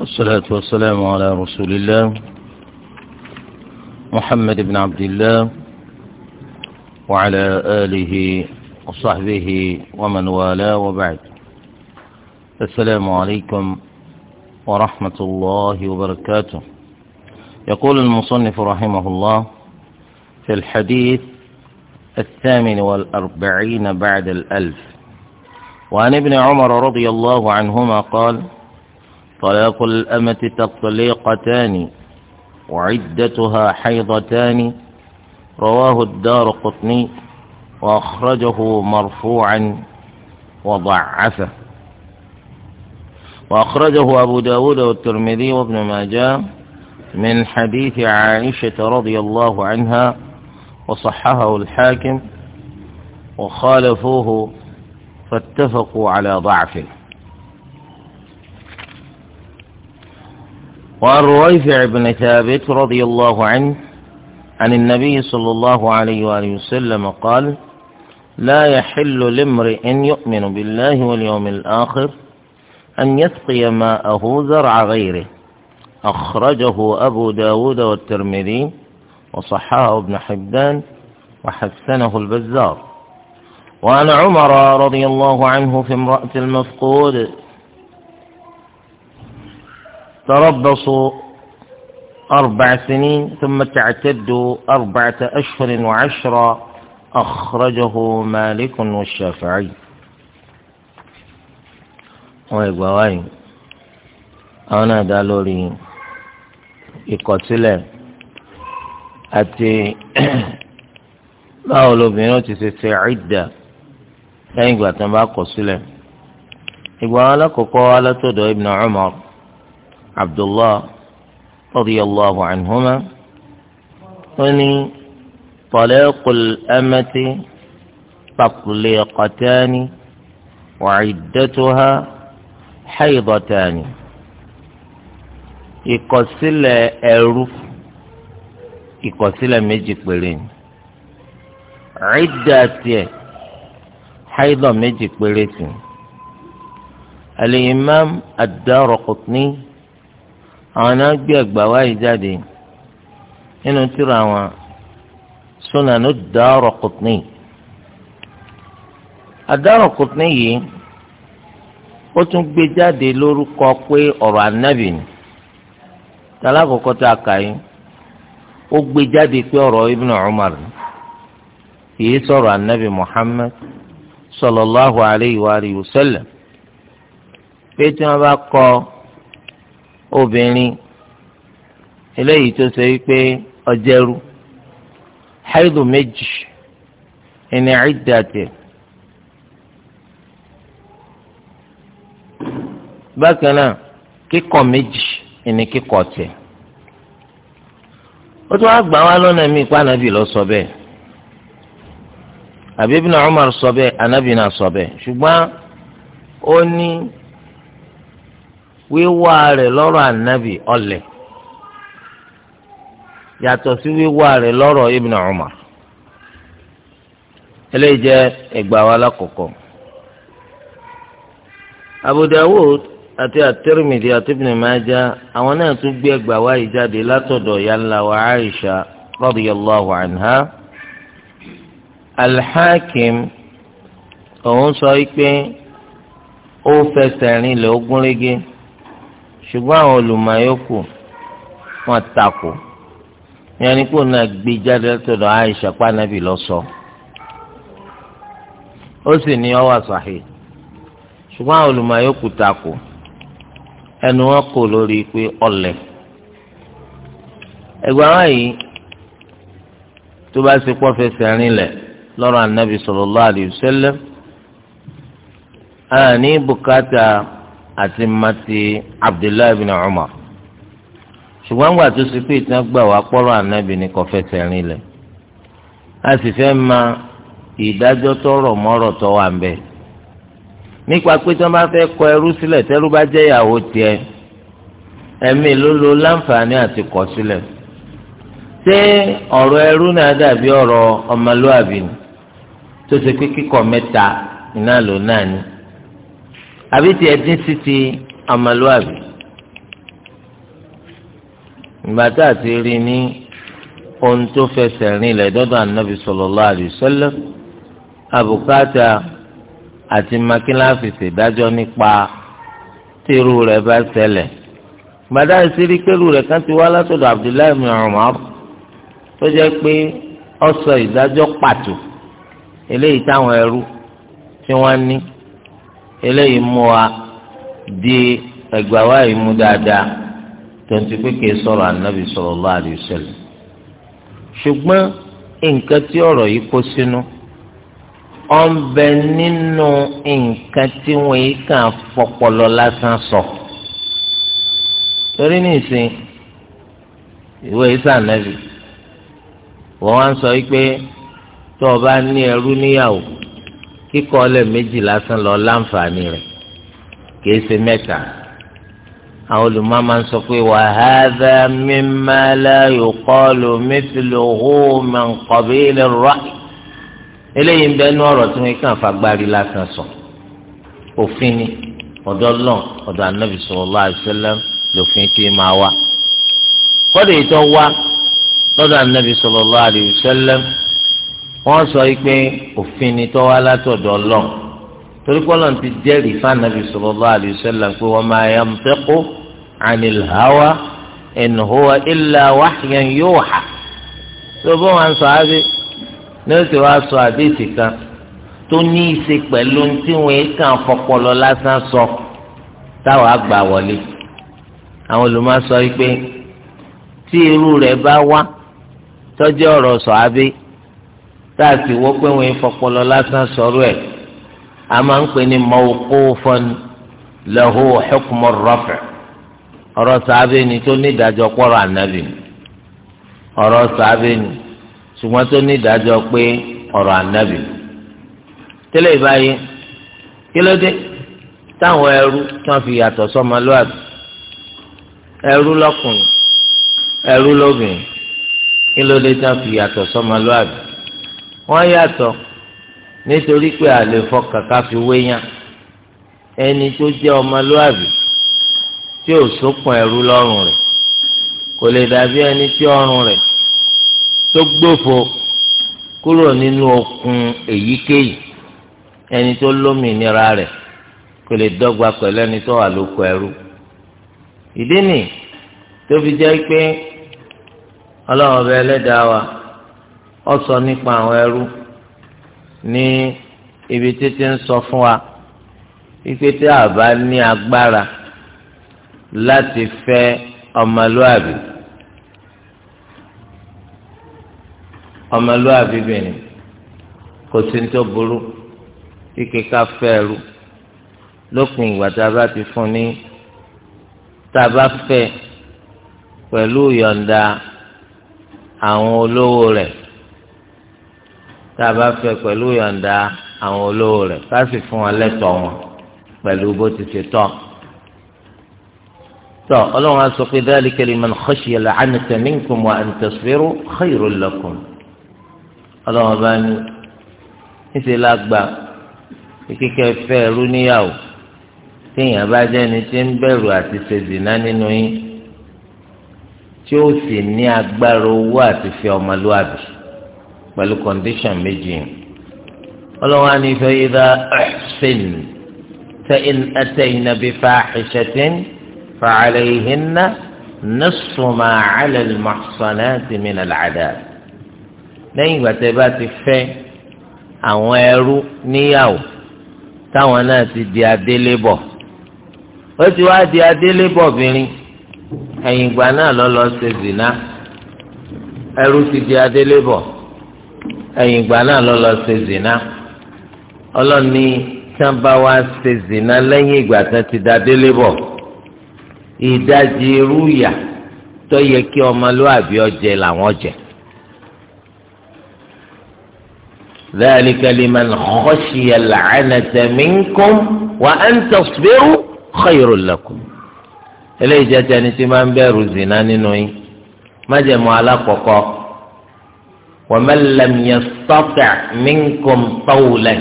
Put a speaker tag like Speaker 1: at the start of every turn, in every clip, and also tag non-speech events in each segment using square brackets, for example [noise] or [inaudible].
Speaker 1: والصلاة والسلام على رسول الله محمد بن عبد الله وعلى آله وصحبه ومن والاه وبعد السلام عليكم ورحمة الله وبركاته يقول المصنف رحمه الله في الحديث الثامن والأربعين بعد الألف وعن ابن عمر رضي الله عنهما قال طلاق الأمة تطليقتان وعدتها حيضتان رواه الدار قطني وأخرجه مرفوعا وضعفه وأخرجه أبو داود والترمذي وابن ماجه من حديث عائشة رضي الله عنها وصححه الحاكم وخالفوه فاتفقوا على ضعفه وعن رويفع بن ثابت رضي الله عنه عن النبي صلى الله عليه وآله وسلم قال لا يحل لامرئ يؤمن بالله واليوم الآخر أن يسقي ماءه زرع غيره أخرجه أبو داود والترمذي وصححه ابن حبان وحسنه البزار وعن عمر رضي الله عنه في امرأة المفقود تربصوا أربع سنين ثم تعتدوا أربعة أشهر وعشرة أخرجه مالك والشافعي ويقوي أنا دالوري ìkọ̀sílẹ̀ àti báwo lobìnrin ó ti ṣe ṣe ìdà lẹ́yìn ìgbà tó ń bá kọ̀ sílẹ̀. ìgbà wọn alákọ̀ọ́kọ́ alátọ̀dọ̀ Ibn Umar abdullah radiyallahu anhuma ó ní talaqul amati tatliqatani wa iddatuha haydatani ìkọ̀sílẹ̀ ẹrú ìkọ̀sílẹ̀ méjì péré ni ẹ̀ẹ́dà tiẹ̀ haidọ̀ méjì péré sí ni al-imam ad-Daraqutni àwọn náà gbé ẹgbàá wáyé jáde nínú tírà wọn Sunan ad-Daraqutni ad-Daraqutni yìí ó tún gbé jáde lórúkọ pé ọ̀rọ̀ ànábì ni tàlákòókò tá a kà yín ó gbé jáde pé ọ̀rọ̀ Ibn Umar kìí sọ̀rọ̀ ànábì Muhammad sallallahu alayhi wa alihi wa sallam pé tí wọ́n bá kọ́ obìnrin eléyìí tó ṣe wípé ọjẹrú haidu méjì ẹni àìdàtẹ̀. bákan náà kíkọ méjì ẹni kíkọ tẹ̀. ó tún wá gbà wá lọ́nà míì pa ànábì lọ sọ bẹ́ẹ̀ àbí Umar sọ bẹ́ẹ̀ ànábì náà sọ bẹ́ẹ̀ ṣùgbọ́n ó ní. wíwá rẹ̀ lọrọ ànábì ọ̀lẹ̀ yàtọ̀ sí wíwá rẹ̀ lọrọ ibn Umar eléyìí jẹ́ ẹgbà wa lákòókò Abu àti at àti Ibn Majah àwọn náà tún gbé ẹgbà wa yìí jáde látọ̀dọ̀ yàrá wa Aisha radiyallahu anha al òun sọ pé ó fẹsẹ̀ rìn lé ṣùgbọ́n àwọn olùmọ̀ọ́yọ́kù tako takò yẹn ni náà gbé jáde látọ̀dọ̀ Aisha pànàbì lọ́sọ ó sì ní tako, ṣùgbọ́n àwọn olùmọ̀ọ́yọ́kù takò ẹnu wọn kò lórí pé ọlẹ̀ ẹgbẹ́ wọn yìí tó bá ṣe pọ́ fẹsẹ̀ rinlẹ̀ lọ́rọ̀ Ànábì àti mati abdullahi bin umar ṣùgbọ́n gbà tó ṣe pé ìtàn gbà wá pọ́rọ̀ ànábì ní kọfẹ́sẹ̀ a sì fẹ́ ma ìdájọ́ tọrọ mọ́rọ̀ nípa pé bá fẹ́ kọ ẹrú sílẹ̀ tẹ́rú bá jẹ́ ìyàwó tiẹ̀ ẹ̀mí ló lo láǹfààní àti sílẹ̀ ṣé ọ̀rọ̀ ẹrú náà dàbí ọ̀rọ̀ ọmọlúwàbí mẹ́ta àbí ti ẹ̀dín sí ti ọmọlúwàbí ìgbà tá a ti rí ní ohun tó fẹsẹ̀ rinlẹ̀ dọ́dọ̀ ànábì sallallahu alaihi wasallam àbùkátà àti makiláfi ṣèdájọ́ nípa tírú rẹ̀ bá ṣẹlẹ̀ gbàdá ìṣírí pẹ̀lú rẹ̀ kan ti wá látọ̀dọ̀ Abdullahi ibn tó jẹ́ pé ó sọ ìdájọ́ pàtó eléyìí táwọn ẹrú tí wọ́n ní eléyìí mú wa di ẹgbàá wa yìí mú dáadáa tonti pé sọ̀rọ̀ anabi sallallahu alaihi wasallam ṣùgbọ́n nǹkan tí ọ̀rọ̀ yìí kó sínú ọ̀nbẹ nínú nǹkan tí wọ́n yìí kàn fọpọlọ lásán sọ torí nìsín ìwé isa anabi wọ́n wá ń sọ pé tó o bá ní ẹrú níyàwó kíkọ́ ọlẹ̀ méjì lásán lọ láǹfààní rẹ̀ kìí ṣe mẹ́ta àwọn olùmọ̀ máa ń sọ pé wa hadha mimma la yuqalu mithluhu min qabil ar-ra'y eléyìí ń bẹ ní ọ̀rọ̀ tí wọ́n kàn fagbárí lásán sọ òfin ni ọ̀dọ̀ lọ́n ọ̀dọ̀ anábì sallallahu alaihi wasallam lòfin tí máa wá kọ́dọ̀ ìtọ́ wá lọ́dọ̀ anábì sallallahu alaihi wasallam wọ́n sọ pé òfin ni tó wá látọ̀dọ̀ Ọlọ́run torí pọlọ ti jẹ́rìí fanabi sallallahu alaihi wasallam pé wa ma yantiqu anil hawa in huwa illa wahyan yuha tó bọ́ wọn sọ abẹ ní o ti wá sọ àdéhìí kan tó ní í ṣe pẹ̀lú tí wọ́n kàn fọpọlọ lásán sọ táwọn àgbà wọlé àwọn olùmọ̀ sọ pé tí irú rẹ̀ bá wá tọ́jú ọ̀rọ̀ sọ abẹ́ tá a sì wọ́ pé wọ́n ń fọpọlọ lásán sọ̀rọ̀ ẹ̀ a máa ń pè ní mawqufan lahu hukmu rafa ọ̀rọ̀ sàábẹ́ ni tó ní ìdájọ́ pọ̀rọ̀ ànábì ọ̀rọ̀ sàábẹ́ ni ṣùgbọ́n tó ní ìdájọ́ pé ọ̀rọ̀ ànábì tẹ́lẹ̀ ìbáyé kí táwọn ẹrú tí wọ́n fi yàtọ̀ sọ́mọlúwàbí ẹrú lọ́kùnrin ẹrú lóbìnrin kí tí wọ́n fi yàtọ̀ sọ́mọlúwàbí wọ́n yàtọ̀ nítorí pé àlè fọkàn ká fi wéyàn ẹni tó jẹ́ ọmọlúwàbí tí ò sókun ẹ̀rú lọ́rùn rẹ̀ kò lè dàbí ẹni tí ọrùn rẹ̀ tó gbófo kúrò nínú okùn èyíkéyìí ẹni tó lómìnira rẹ̀ kò lè dọ́gba pẹ̀lú ẹni tó wà lóko ẹ̀rú ìdí nì tó fi jẹ́ pé ọlọ́run ọba ẹlẹ́dàá wa ó sọ nípa àwọn ẹrú ní ibi títí ń sọ fún wa wípé tí a bá ní agbára láti fẹ́ ọmọlúàbí ọmọlúàbí bìnrin kò sí ní tó burú kíkẹ́ ká fẹ́ ẹrú lópin ìgbà tá a bá ti fún ní tá a bá fẹ́ pẹ̀lú ìyọ̀ǹda àwọn olówó rẹ̀ tá a bá fẹ́ pẹ̀lú yọ̀ǹda àwọn olówó rẹ̀ ká sì fún wọn lẹ́tọ̀ọ́ wọn pẹ̀lú bó ti ṣe tọ́ tọ́ ọlọ́run á sọ pé dhalika liman khashiya al-'anata minkum wa an tasbiru khayrun lakum ọlọ́run bá ní níṣẹ́ la kíkẹ́ fẹ́ ẹrú níyàwó téèyàn bá jẹ́ ni tí ń bẹ̀rù àti ṣe zìnà nínú yín tí ó sì ní agbára owó àti fi ọmọlúwàbí pẹ̀lú kọ́ndíṣàn méjì ọlọ́wọ́ á ní fẹ́ idha ahsin fa'in atayna bi fahishatin fa'alayhinna nisfu ma 'ala al-muhsanati min al-'adab lẹ́yìn ìgbà tẹ́ bá ti fẹ́ àwọn ẹrú níyàwó táwọn náà ti di adélébọ̀ ó ti wá di adélébọ̀ bìnrin ẹ̀yìn ìgbà náà lọ ṣe zina ẹrú ti di adélébọ̀ ẹ̀yìn ìgbà náà lọ lọ ṣe zina ọlọ́ni tán bá wá ṣe zina lẹ́yìn ìgbà tán ti da délé bọ̀ ìdajì irú yà tó yẹ kí ọmọlúwàbí ọjẹ làwọn jẹ. ذلك لمن خشي العنة منكم وأن تصبروا خير لكم eléyìí jẹ́ tẹni tí máa ń bẹ̀rù zina nínú yín waman lam yastati' minkum tawlan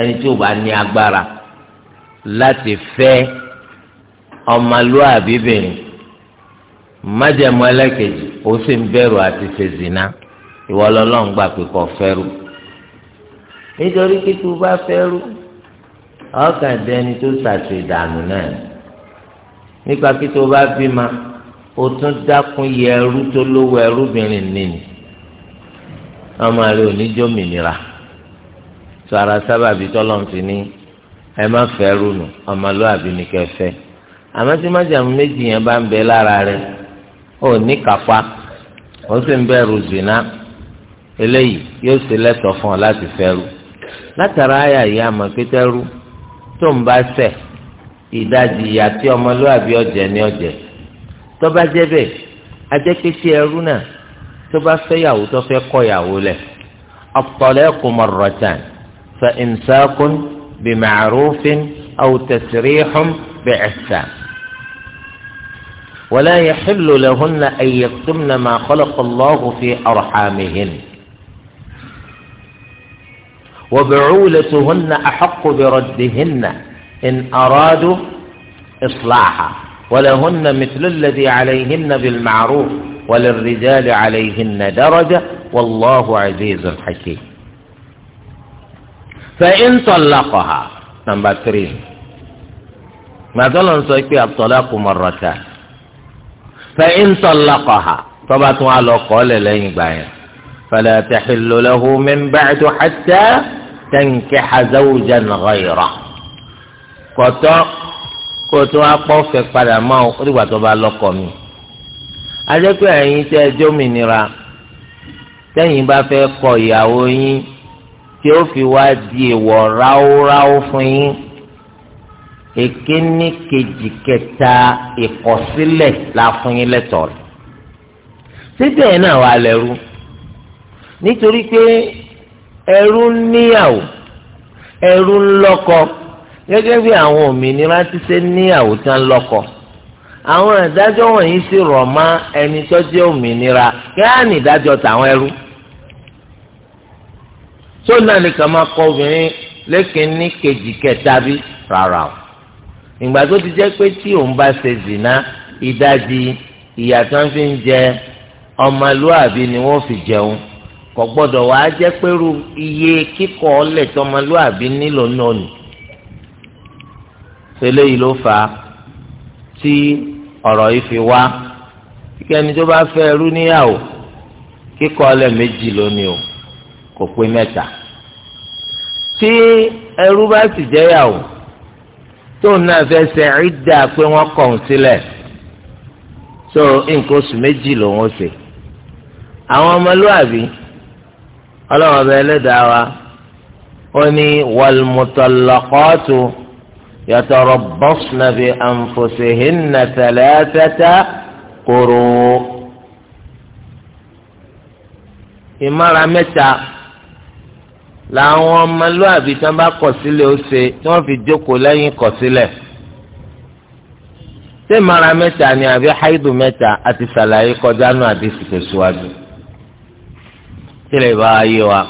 Speaker 1: ẹni tí ó bá ní agbára láti fẹ́ ọmọlúwàbí bìnrin májẹ̀mú ẹlẹ́kejì ó sì ń bẹ̀rù àti fèzìnà ìwọ lọ́lọ́run gbà pé kò fẹ́rù nítorí kí bá fẹ́rù ọkàn dẹni tó ṣàṣe ìdààmú náà nípa kí bá bímọ ó tún dákun yẹ ẹrú tó lówó ẹrúbìnrin nìyí wọn máa rí oníjó mìnira tó ara sábàbí tọ́lọ́n ti ní ẹ má fẹ́ rúnu ọmọlúwàbí ni kẹfẹ́ àmọ́ tí májàmú méjì yẹn bá ń bẹ lára rẹ ó ní kápá ó sì ń bẹ̀rù zina eléyìí yóò ṣe lẹ́tọ̀ọ́ fún ọ láti fẹ́ rú látara àyà yìí àmọ́ pété rú tó ń bá ṣẹ̀ ìdajì ìyá tí ọmọlúwàbí ọ̀jẹ̀ ní ọ̀jẹ̀ tó bá jẹ́ bẹ́ẹ̀ ajẹ́ pé tí ẹrú náà tó bá fẹ́ yàwó tó fẹ́ kọ̀ yàwó lẹ̀ at-talaqu marratan fa ìnsákun bi ma'rufin aw bi ihsan. ولا يحل لهن أن يكتمن ما خلق الله في أرحامهن وبعولتهن أحق بردهن إن أرادوا إصلاحا ولهن مثل الذي عليهن بالمعروف وللرجال عليهن درجة والله عزيز حكيم فإن طلقها نمبر 3 ما ظل سيكي الطلاق مرتان فإن طلقها طبعا على قول لين باين فلا تحل له من بعد حتى تنكح زوجا غيره kọtọ kótó akpọ fẹ́ padà máa ó ajẹ́pẹ́ ẹ̀yin tẹ́ ẹjọ́ mìnira tẹ́yìn bá fẹ́ kọ ìyàwó yín tí ó fi wá di èèwọ̀ ráúráú fún yín èkíní kejì kẹta ìkọsílẹ̀ la fún yín lẹ́tọ̀ọ́ rẹ̀ síbẹ̀ náà wà lẹ́rú nítorí pé ẹrú níyàwó ẹrú ńlọ́kọ gẹ́gẹ́ bí àwọn òmìnira ti ṣe níyàwó tán lọ́kọ àwọn ìdájọ́ wọ̀nyí sì rọ̀ mọ́ ẹni tó jẹ́ òmìnira kí á ní ìdájọ́ tàwọn ẹrú tó náà nìkan máa kọ obìnrin lẹ́kìnní kejì kẹta bí rárá o ìgbà tó ti jẹ́ pé tí òun bá ṣe zìnà ìdajì ìyà tó ń fi ń jẹ ọmọlúàbí ni wọ́n fi jẹun kò gbọ́dọ̀ wàá jẹ́ pẹ̀lú iye kíkọ́ ọ̀lẹ̀ tọmọlúàbí nílò náà nì. eléyìí ló fà á tí ọ̀rọ̀ yìí fi wá kíkẹ́ ẹni tó bá fẹ́ ẹrú níyàwó kíkọ́ ọlẹ̀ méjì lónìí o kò pé mẹ́ta tí ẹrú bá sì jẹ́yàwó tóun náà fẹ́ ṣe ìdá pé wọ́n kọ̀ ọ́n sílẹ̀ so nǹkan oṣù méjì lòun ṣe àwọn ọmọlúwàbí ọlọ́wọ́n bẹ ẹlẹ́dàá wa ó ní wàlmùtọ̀lọ́kọ́tù. يتربصن بأنفسهن ثلاثة قروء ìmára mẹ́ta làwọn ọmọlúàbí tí wọ́n bá kọ̀ sílẹ̀ ó ṣe tí wọ́n fi jókòó lẹ́yìn kọ̀ sílẹ̀ ṣé ìmára mẹ́ta ni àbí haidu mẹ́ta àti sàlàyé kọjá náà àti ìsìtẹ̀síwájú sílẹ̀ ìbára yé wa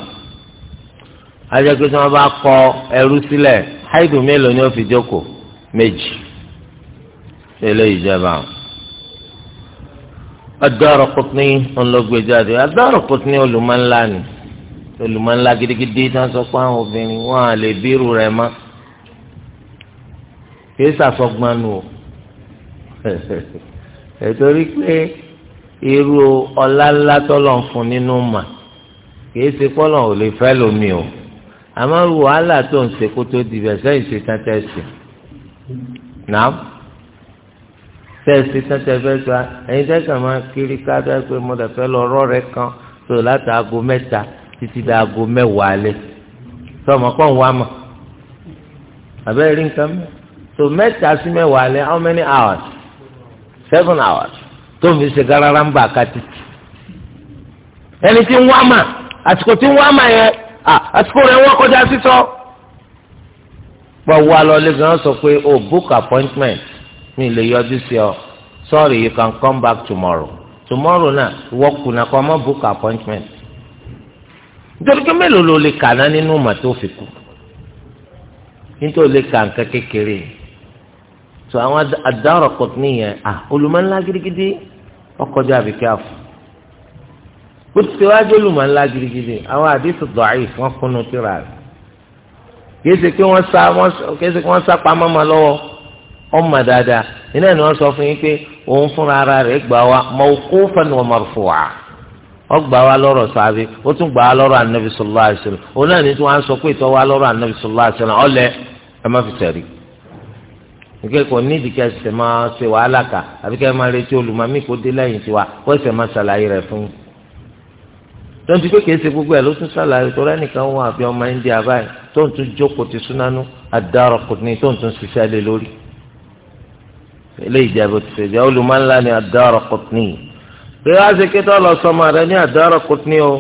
Speaker 1: ajẹ́ pé tí wọ́n bá kọ ẹrú sílẹ̀ haidu mélòó ni ó fi jókòó méjì ilé ìjọba Ad-Daraqutni ọlọgbẹjáde Ad-Daraqutni olùmọ̀nlá ni olùmọ̀nlá gidigidi náà sọ pé àwọn obìnrin wọn à lè bírù rẹ̀ mọ́ kì í sàfọgbọ́n nù o ètorí [laughs] pé irú ọlá ńlá tọ́lọ̀ ń fún nínú mà kì í ṣe pọ́lọ̀ ò lè fẹ́ lómi o àmọ́ wàhálà tó ń ṣe kó tó di bẹ̀ sẹ́yìn ṣe tán tẹ́ ṣe náà tẹ́sí tẹ́tẹ́ fẹ́ sọ ẹ̀yin tẹ́sán máa kiri káàdá pé mo dẹ̀ fẹ́ lọ ọ̀rọ̀ rẹ kan tó láti aago mẹ́ta títí dé aago mẹ́wàá lé sọmọ kọ́ ń wá mọ̀ àbẹ́ rí nǹkan tó mẹ́ta sí mẹ́wàá lé how many hours seven hours tó mi ṣe garara ń bà ká títì ẹni tí ń wá mà àsìkò tí ń wá mà yẹn Ah, àsìkò rẹ̀ wọ́n kọjá sísọ.
Speaker 2: gbọ̀wọ́ alọ́lé
Speaker 1: gan sọ pé o oh, book appointment mi lè yọjú sí ọ sorry you can come back tomorrow tomorrow na wọ́n kùnà kọ́ mọ́ book appointment. nítorí pé mélòó ló lè kà ná nínú mà tó fi kú nítorí lè kà nǹkan kékeré so àwọn Ad-Daraqutni yẹn ah, olùmọ̀ńlá gidigidi ọkọjá àbíkẹ́ àfọ̀ bó ti ṣe wájú olùmọ̀ ńlá gidigidi àwọn àdìsù dọ̀ọ́yì wọ́n kúnnú tíra rẹ̀ kìí ṣe pé wọ́n sá kìí ṣe pé wọ́n sá pamọ́ mọ́ lọ́wọ́ ọmọ dáadáa iná ni wọ́n sọ fún yín pé òun fúnra ara rẹ̀ gbà wá mawqufan wa marfu'a ó gbà wá lọ́rọ̀ sábẹ́ ó tún gbà wá lọ́rọ̀ anabi sallallahu alaihi wasallam òun náà ní tí wọ́n á pé ìtọ́ wá lọ́rọ̀ anabi sallallahu alaihi wasallam ọ̀lẹ́ ẹ má fi tẹ̀rí nke kò ní ìdíkẹ́ ṣe máa ṣe wàhálà kà àbíkẹ́ máa retí olùmọ̀mí kò dé lẹ́yìn tiwa kó ṣe máa ṣàlàyé rẹ̀ fún yín tó ń ti pé kìí ṣe gbogbo ẹ̀ ló tún ṣàlàyé tó rẹ́nìkan wọn àbí ọmọ India báyìí tó ń tún jókòó ti súnánú Ad-Daraqutni tó ń tún ṣiṣẹ́ lé lórí eléyìí jẹ́ bó ti ṣe jẹ́ olùmọ̀ńlá ni Ad-Daraqutni pé wá ṣe kétọ́ lọ sọmọ rẹ ní Ad-Daraqutni o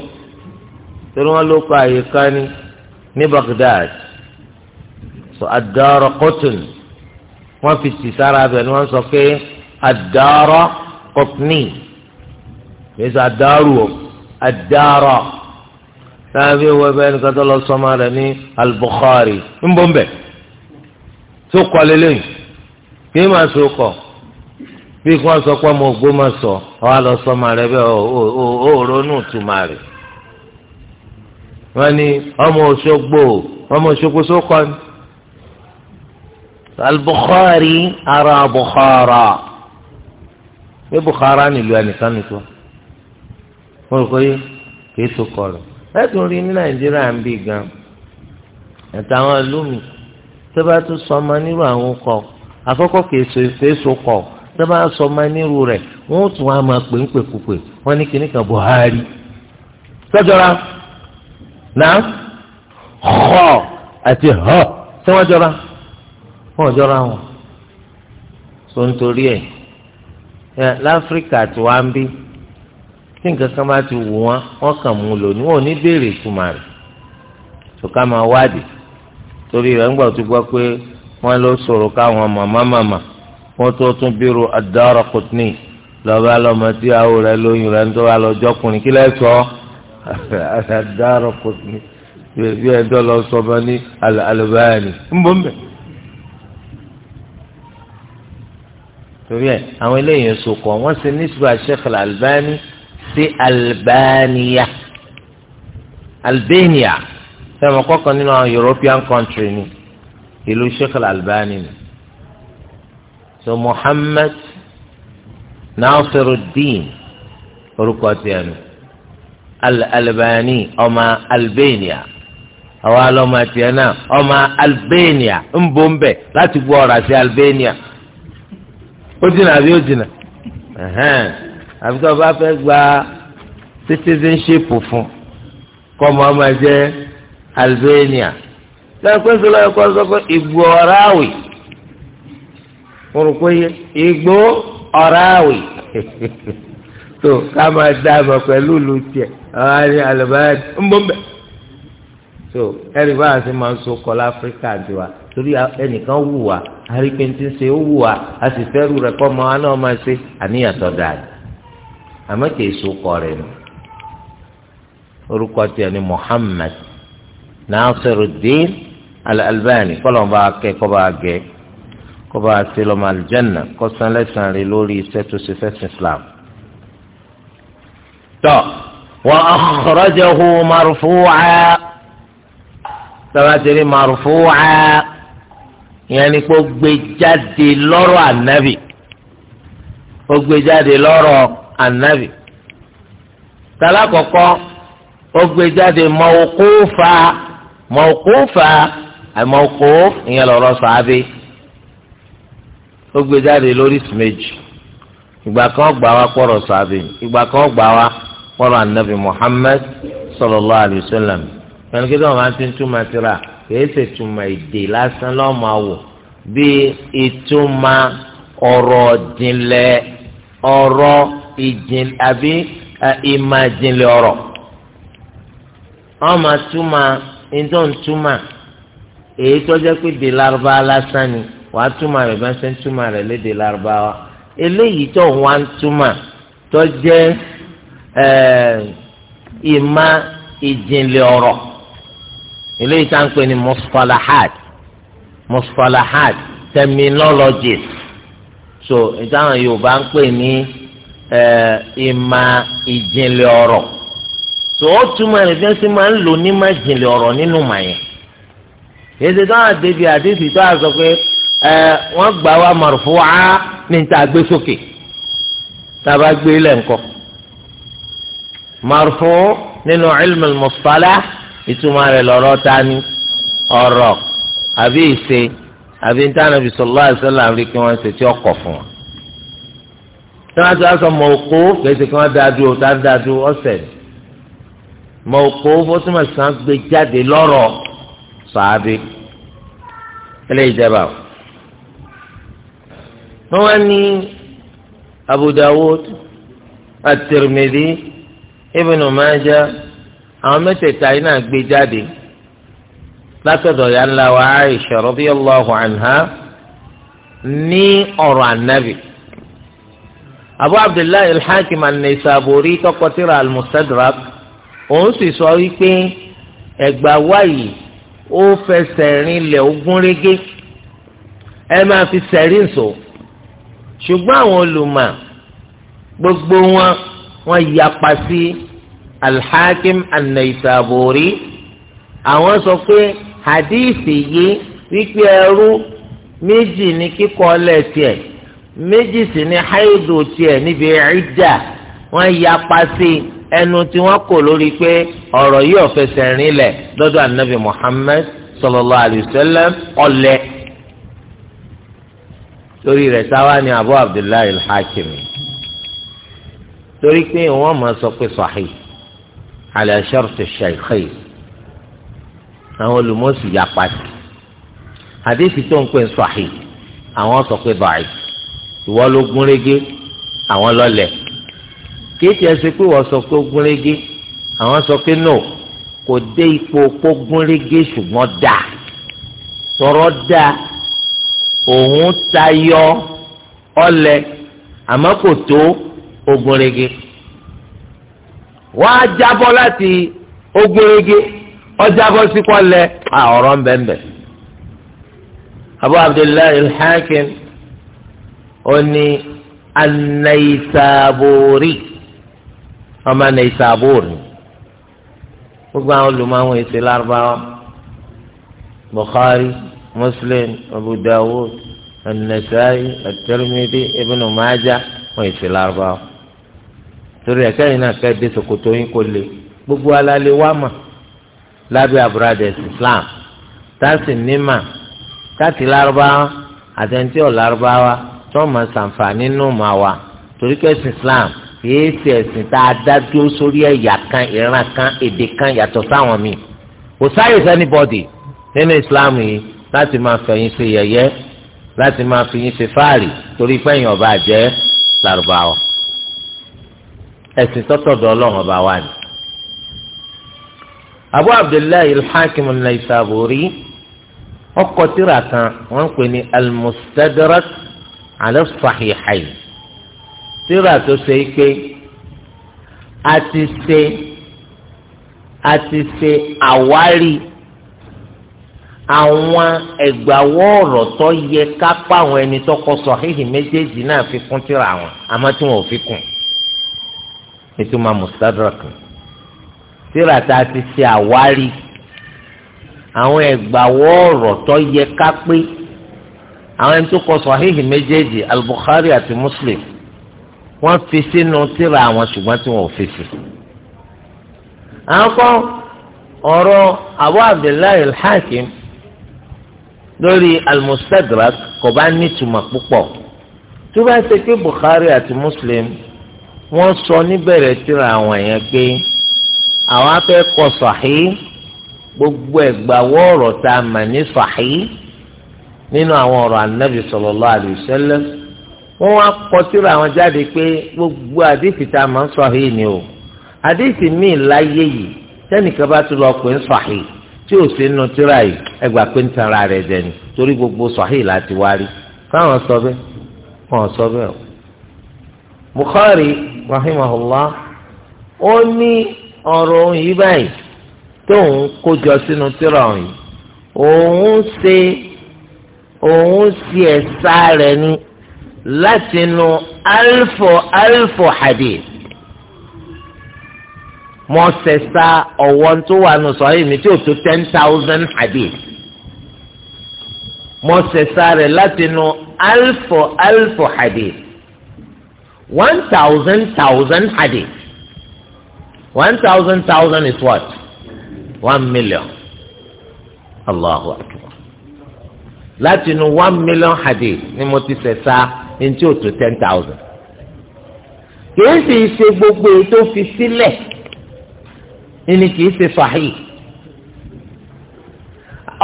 Speaker 1: torí wọn ló kọ àyè kan ní ní Baghdad so Ad-Daraqutni wọn fi tì sára bẹ ni wọn sọ pé Ad-Daraqutni kìí ṣe adáàrú o adára sábẹ́ wo bẹ́ẹ̀ nìkan tó lọ sọmọ rẹ̀ ní al-Bukhari ń bọ́ mbẹ́ tó kọ́ lélẹ́yìn kí n máa so kọ́ bí kò sọ pé ọmọ ògbó máa sọ ọ lọ sọmọ rẹ̀ bẹ́ẹ̀ ó ronú tùmọ̀ rẹ̀ wọ́n ní ọmọ Òṣogbo ọmọ Òṣogbo tó kọ́ ni al ara Bukhara ní Bukhara nílùú ẹnìkan nìkan. mo rò pé kìí so nigeria ẹ̀sùn rí ní nàìjíríà ń bí gan àtàwọn lómi tó bá tún sọmọ nírú àwọn kọ so kọ tó bá nírú tún wá máa pè ń pè Buhari sọ́jọ́ra na
Speaker 2: họ
Speaker 1: àti họ tí jọra wọ́n jọra wọn so nítorí láfíríkà tí tí nǹkan kan bá ti wù wọn wọn kàn mú lò ní wọn ò ní béèrè ìtumọ̀ rẹ̀ ṣùkà máa wádìí torí rẹ̀ ń gbà tó gbọ́ pé wọ́n lọ sọ̀rọ̀ káwọn màmá màmá wọ́n tó tún bírò Ad-Daraqutni lọ́ba lọ́mọ tí àwọn rẹ̀ lóyún rẹ̀ ń tó wà lọ́jọ́ kùnrin kí lẹ́ sọ Ad-Daraqutni bí ẹ̀ ń lọ sọ bá ní Al-Albani ń bọ́ mbẹ́. torí ẹ̀ àwọn eléyìí ń sokọ̀ sì ní sùgbà Sheikh Al-Albani sí Albania Albania sẹ́mi kọ́kàn nínú àwọn European country ni ìlú Sheikh Albani ni so Muhammad Nasiruddin orúkọ tiẹ̀ nù Al-Albani ọmọ Albania àwa lọmọ tiẹ̀ náà ọmọ Albania ń bọ̀ ń bẹ̀ láti gbọ́ ọ̀rọ̀ àti Albania ó dìnnà àbí ó dìnnà àfi tó o bá fẹ́ gba citizenship fún kọ́ ọmọ ọmọ jẹ́ Albania lẹ́ẹ̀kọ́ sọ lọ́yọ̀ kọ́ sọ pé ìgbò ọ̀ráwì mo rò pé ìgbò ọ̀ráwì tó [laughs] ká máa dá àmọ̀ pẹ̀lú ìlú tiẹ̀ àwọn àni àlùbáyà ń bọ́ mbẹ́ so ẹ̀rí báyà sí máa ń so kọ́ láfíríkà jù wá torí ẹnìkan wù wá àríkèntì ṣe ó wù wá a sì fẹ́ rú rẹ̀ kọ́ ọmọ wa náà máa ṣe àníyàn tó dáa àmọ́ kì í sokọ rẹ̀ nù orúkọ tiẹ̀ ni Muhammad Nasiruddin Al-Albani kọ́lọ̀ bá kẹ́ kọ́ bá gẹ́ kọ́ bá ṣe lọ́mọ aljanna kọ́ san lẹ́sàn rẹ̀ lórí iṣẹ́ tó ṣe fẹ́sìn Islam. tọ́ wa akhrajahu marfu'a tọ́lásìrì marfu'a ìyẹn ni kó gbé jáde lọ́rọ̀ ànábì kó gbé jáde lọ́rọ̀ anabi tala kọkọ ó gbé jáde mọ̀kófà faa. ìyẹn lọ́rọ̀ sàábé ó lórí sùméjì ìgbà kan gbà wá kpọrọ sàábé ìgbà kan gbà wá anabi Muhammad sallallahu alayhi wa sallam kí ló máa ti túmọ̀ síra kìí ṣe túmọ̀ èdè lásán lọ́mọ àwọ̀ ìtumọ̀ ìjìn àbí ìmà ìjìnlẹ̀ ọ̀rọ̀ wọ́n máa túmọ̀ ìjọ ń túmọ̀ èyí tó jẹ́ pé èdè lárúbá lásán ni wàá túmọ̀ rẹ̀ bá ń ṣe ń túmọ̀ rẹ̀ lédè lárúbá wa eléyìí tó ń wá ń túmọ̀ tó jẹ́ ìmà ìjìnlẹ̀ ọ̀rọ̀ eléyìí tá à ń pè ní mọ́sálàhàd mọ́sálàhàd terminologies so ìtàn Yorùbá ń pè ní ìmà ìjìnlẹ̀ ọ̀rọ̀ tó o túmọ̀ rẹ̀ fẹ́ sí máa ń lò ní má jìnlẹ̀ ọ̀rọ̀ nínú mà yẹn èsì tó àwọn débi àdéhùn tó a sọ pé wọ́n gbà wá màrúfúà ní níta gbé sókè tába gbé lẹ́ǹkọ́ màrúfú nínú ilmu mọ̀sálá ìtumọ̀ rẹ̀ lọ́rọ̀ tani ọ̀rọ̀ àbí ìṣe àbí ntànàbí sọlá àṣẹlá àríkí wọn ṣe tí ọkọ̀ fún wọn tẹ́wọ́n ti wá sọ mọ̀ọ́kó kẹ́sì kí wọ́n dáa dúró tá a dáa dúró ọ̀sẹ̀ mọ̀ọ́kó fọ́túmọ̀ sàn gbé jáde lọ́rọ̀ sàábì eléyìí jẹba o. wọ́n wá ní Abu Dawud at-Tirmidhi Ibn Majah àwọn mẹ́tẹ̀ẹ̀ta yìí náà gbé jáde látọ̀dọ̀ yà wa Aisha radiyallahu anha ní ọ̀rọ̀ ànábì abu abdullahi alhakim an-nisaburi tọkọtìrà al-mustadrak òun sì sọ wípé ẹgbà wáyé ó fẹsẹ̀ rinlẹ̀ ogún régé ẹ máa fi sẹ̀rí nsò ṣùgbọ́n àwọn olùmọ̀ gbogbo wọn wọn yapa sí alhakim an àwọn sọ pé hadithi yìí wípé ẹrú méjì ní kíkọ́ lẹ́sẹ̀ méjì sì ni haidu tiẹ̀ níbi ẹ̀ẹ́dà wọ́n yapa sí ẹnu tí wọ́n kò lórí pé ọ̀rọ̀ yìí ò fẹsẹ̀ rinlẹ̀ lọ́dọ̀ anabi muhammed sallallahu alayhi wa sallam ọ̀lẹ́ torí rẹ̀ sáwá ni abu abdullahi al-hakimi torí pé wọ́n máa sọ pé sahih ala sharti shaykhayn àwọn olùmọ̀ọ́sì yapa sí àdéhìí tó ń pè sahih àwọn sọ pé da'if ìwọ ló gún régé àwọn lọlẹ kéètì ẹsẹ pé wọ́n sọ pé ó gún régé àwọn sọ pé no kò dé ipò kó gún régé ṣùgbọ́n dà tọrọ dà òun tayọ ọlẹ àmọ́ kò tó ogun régé á jábọ́ láti ogun régé ọjàbọ́ sí kọ́lẹ̀ ọ̀rọ̀ ń bẹ́ẹ̀ abu abdullahi al ó ní anaisabori ọmọ anaisabori gbogbo àwọn olùmọ̀ọ́wọ́n èsì lárúbáwá bukhari muslim abu dawud anasai at-tirmidhi ibnu maja wọn èsì lárúbáwá torí ẹ̀ka yìí náà kẹ́ẹ̀dé sokoto yín kò le gbogbo alálẹ̀ wá mà lábẹ́ abúradẹ̀ islam tá a sì ní mà káàtì lárúbáwá àtẹ̀ntì ọ̀ lárúbáwá tí wọ́n máa ṣàǹfààní nù máa wà torí pé ẹ̀sìn Islam kìí ṣe ẹ̀sìn tá a dá dúró sórí ẹ̀yà kan ìran kan èdè kan yàtọ̀ sáwọn míì kò sáyè sẹ́ni bọ́dì nínú Islam yìí láti máa fẹ̀yìn ṣe yẹ̀yẹ́ láti máa fi yín ṣe fáàrí torí fẹ́yìn ọba àjẹ́ làrúbáwá ẹ̀sìn tọ́tọ̀dọ̀ ọlọ́run ọba wa ni. abu abdullahi al-hakim an-naysaburi ọkọ̀ tíra kan wọ́n ń pè ní al alẹ́ sàhìhàì tíra tó ṣe é pé a ti ṣe a ti ṣe àwárí àwọn ẹgbàwọ́ ọ̀rọ̀ tó yẹ ká pa àwọn ẹni tó kọ sọ̀híhì méjèèjì náà fi kún tíra àwọn àmọ́ tí wọn ò fi kún ìtumọ̀ mustadrak tíra tá a ti ṣe àwárí àwọn ẹgbàwọ́ tó yẹ ká pé àwọn ẹni tó kọ sọ̀híhì méjèèjì al-Bukhari àti Muslim wọ́n fi sínú tírà àwọn ṣùgbọ́n tí wọ́n ò fi sí. àwọn kan ọ̀rọ̀ Abu Abdullahi al-Hakim lórí al kò bá nítumọ̀ púpọ̀ tó bá ṣe pé Bukhari àti Muslim wọ́n sọ níbẹ̀rẹ̀ tírà àwọn yẹn pé àwọn afẹ́ kọ sọ̀hí gbogbo ẹ̀gbà wọ́ọ̀rọ̀ tá mà ní sọ̀hí nínú àwọn ọ̀rọ̀ anabi sallallahu alaihi wasallam wọ́n wá kọtíra àwọn jáde pé gbogbo àdìsí tá a máa ń sahih ni o àdìsí míì láyé yìí tẹ́nìkan bá tún lọ pé ń sahih tí ò sí nínú tíra yìí ẹ gbà pé ń tanra rẹ̀ jẹ ni torí gbogbo sahih láti wá káwọn sọ bẹ́ẹ̀ wọn sọ bẹ́ẹ̀ o. Bukhari rahimahullah ó ní ọ̀rọ̀ ohun yìí báyìí tóun kó jọ sínú tíra òun òun ṣe òun sì ẹ̀sà rẹ̀ ni láti inú alfo alfo hadith mọ sẹ̀sà ọ̀wọ́n tó wà nù sọ́yìn mi tí ò tó ten thousand hadith mọ sẹ̀sà rẹ̀ láti inú alfo alfo hadith one thousand thousand hadith one thousand thousand is what one million allahu akbar láti inú one million hadith ni mo ti sẹ̀sà ní tí o tó ten thousand. kìí sì ṣe gbogbo èyí tó fi sílẹ̀ ni kìí ṣe sahih.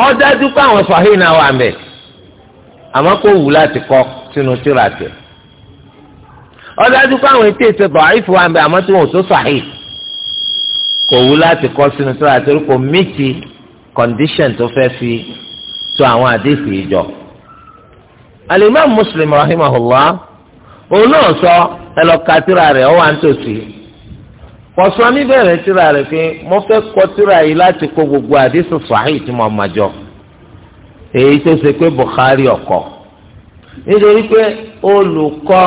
Speaker 1: ọ̀dájú pé àwọn sahih náà wà mẹ́ àmọ́ kò wù láti kọ́ sínú tírà tẹ̀. ọ̀dájú pé àwọn ètò ìṣe da'if wà mẹ́ àmọ́ tí wọn tó sahih kò wù láti kọ́ sínú tírà tẹ̀ kò mí ti condition tó fẹ́ fi so àwọn àdéhùn ìjọ. alimami muslim rahimahullah òun náà sọ ẹlọ́ka tíra rẹ̀ ọ̀wá ntòsí kọ̀sọ́ níbẹ̀rẹ̀ tíra rẹ̀ pé mo fẹ́ kọ tíra yìí láti kó gbogbo àdéhùn sàhíì tí mo máa jọ èyí tó ṣe pé Bukhari ọkọ nítorí pé olùkọ́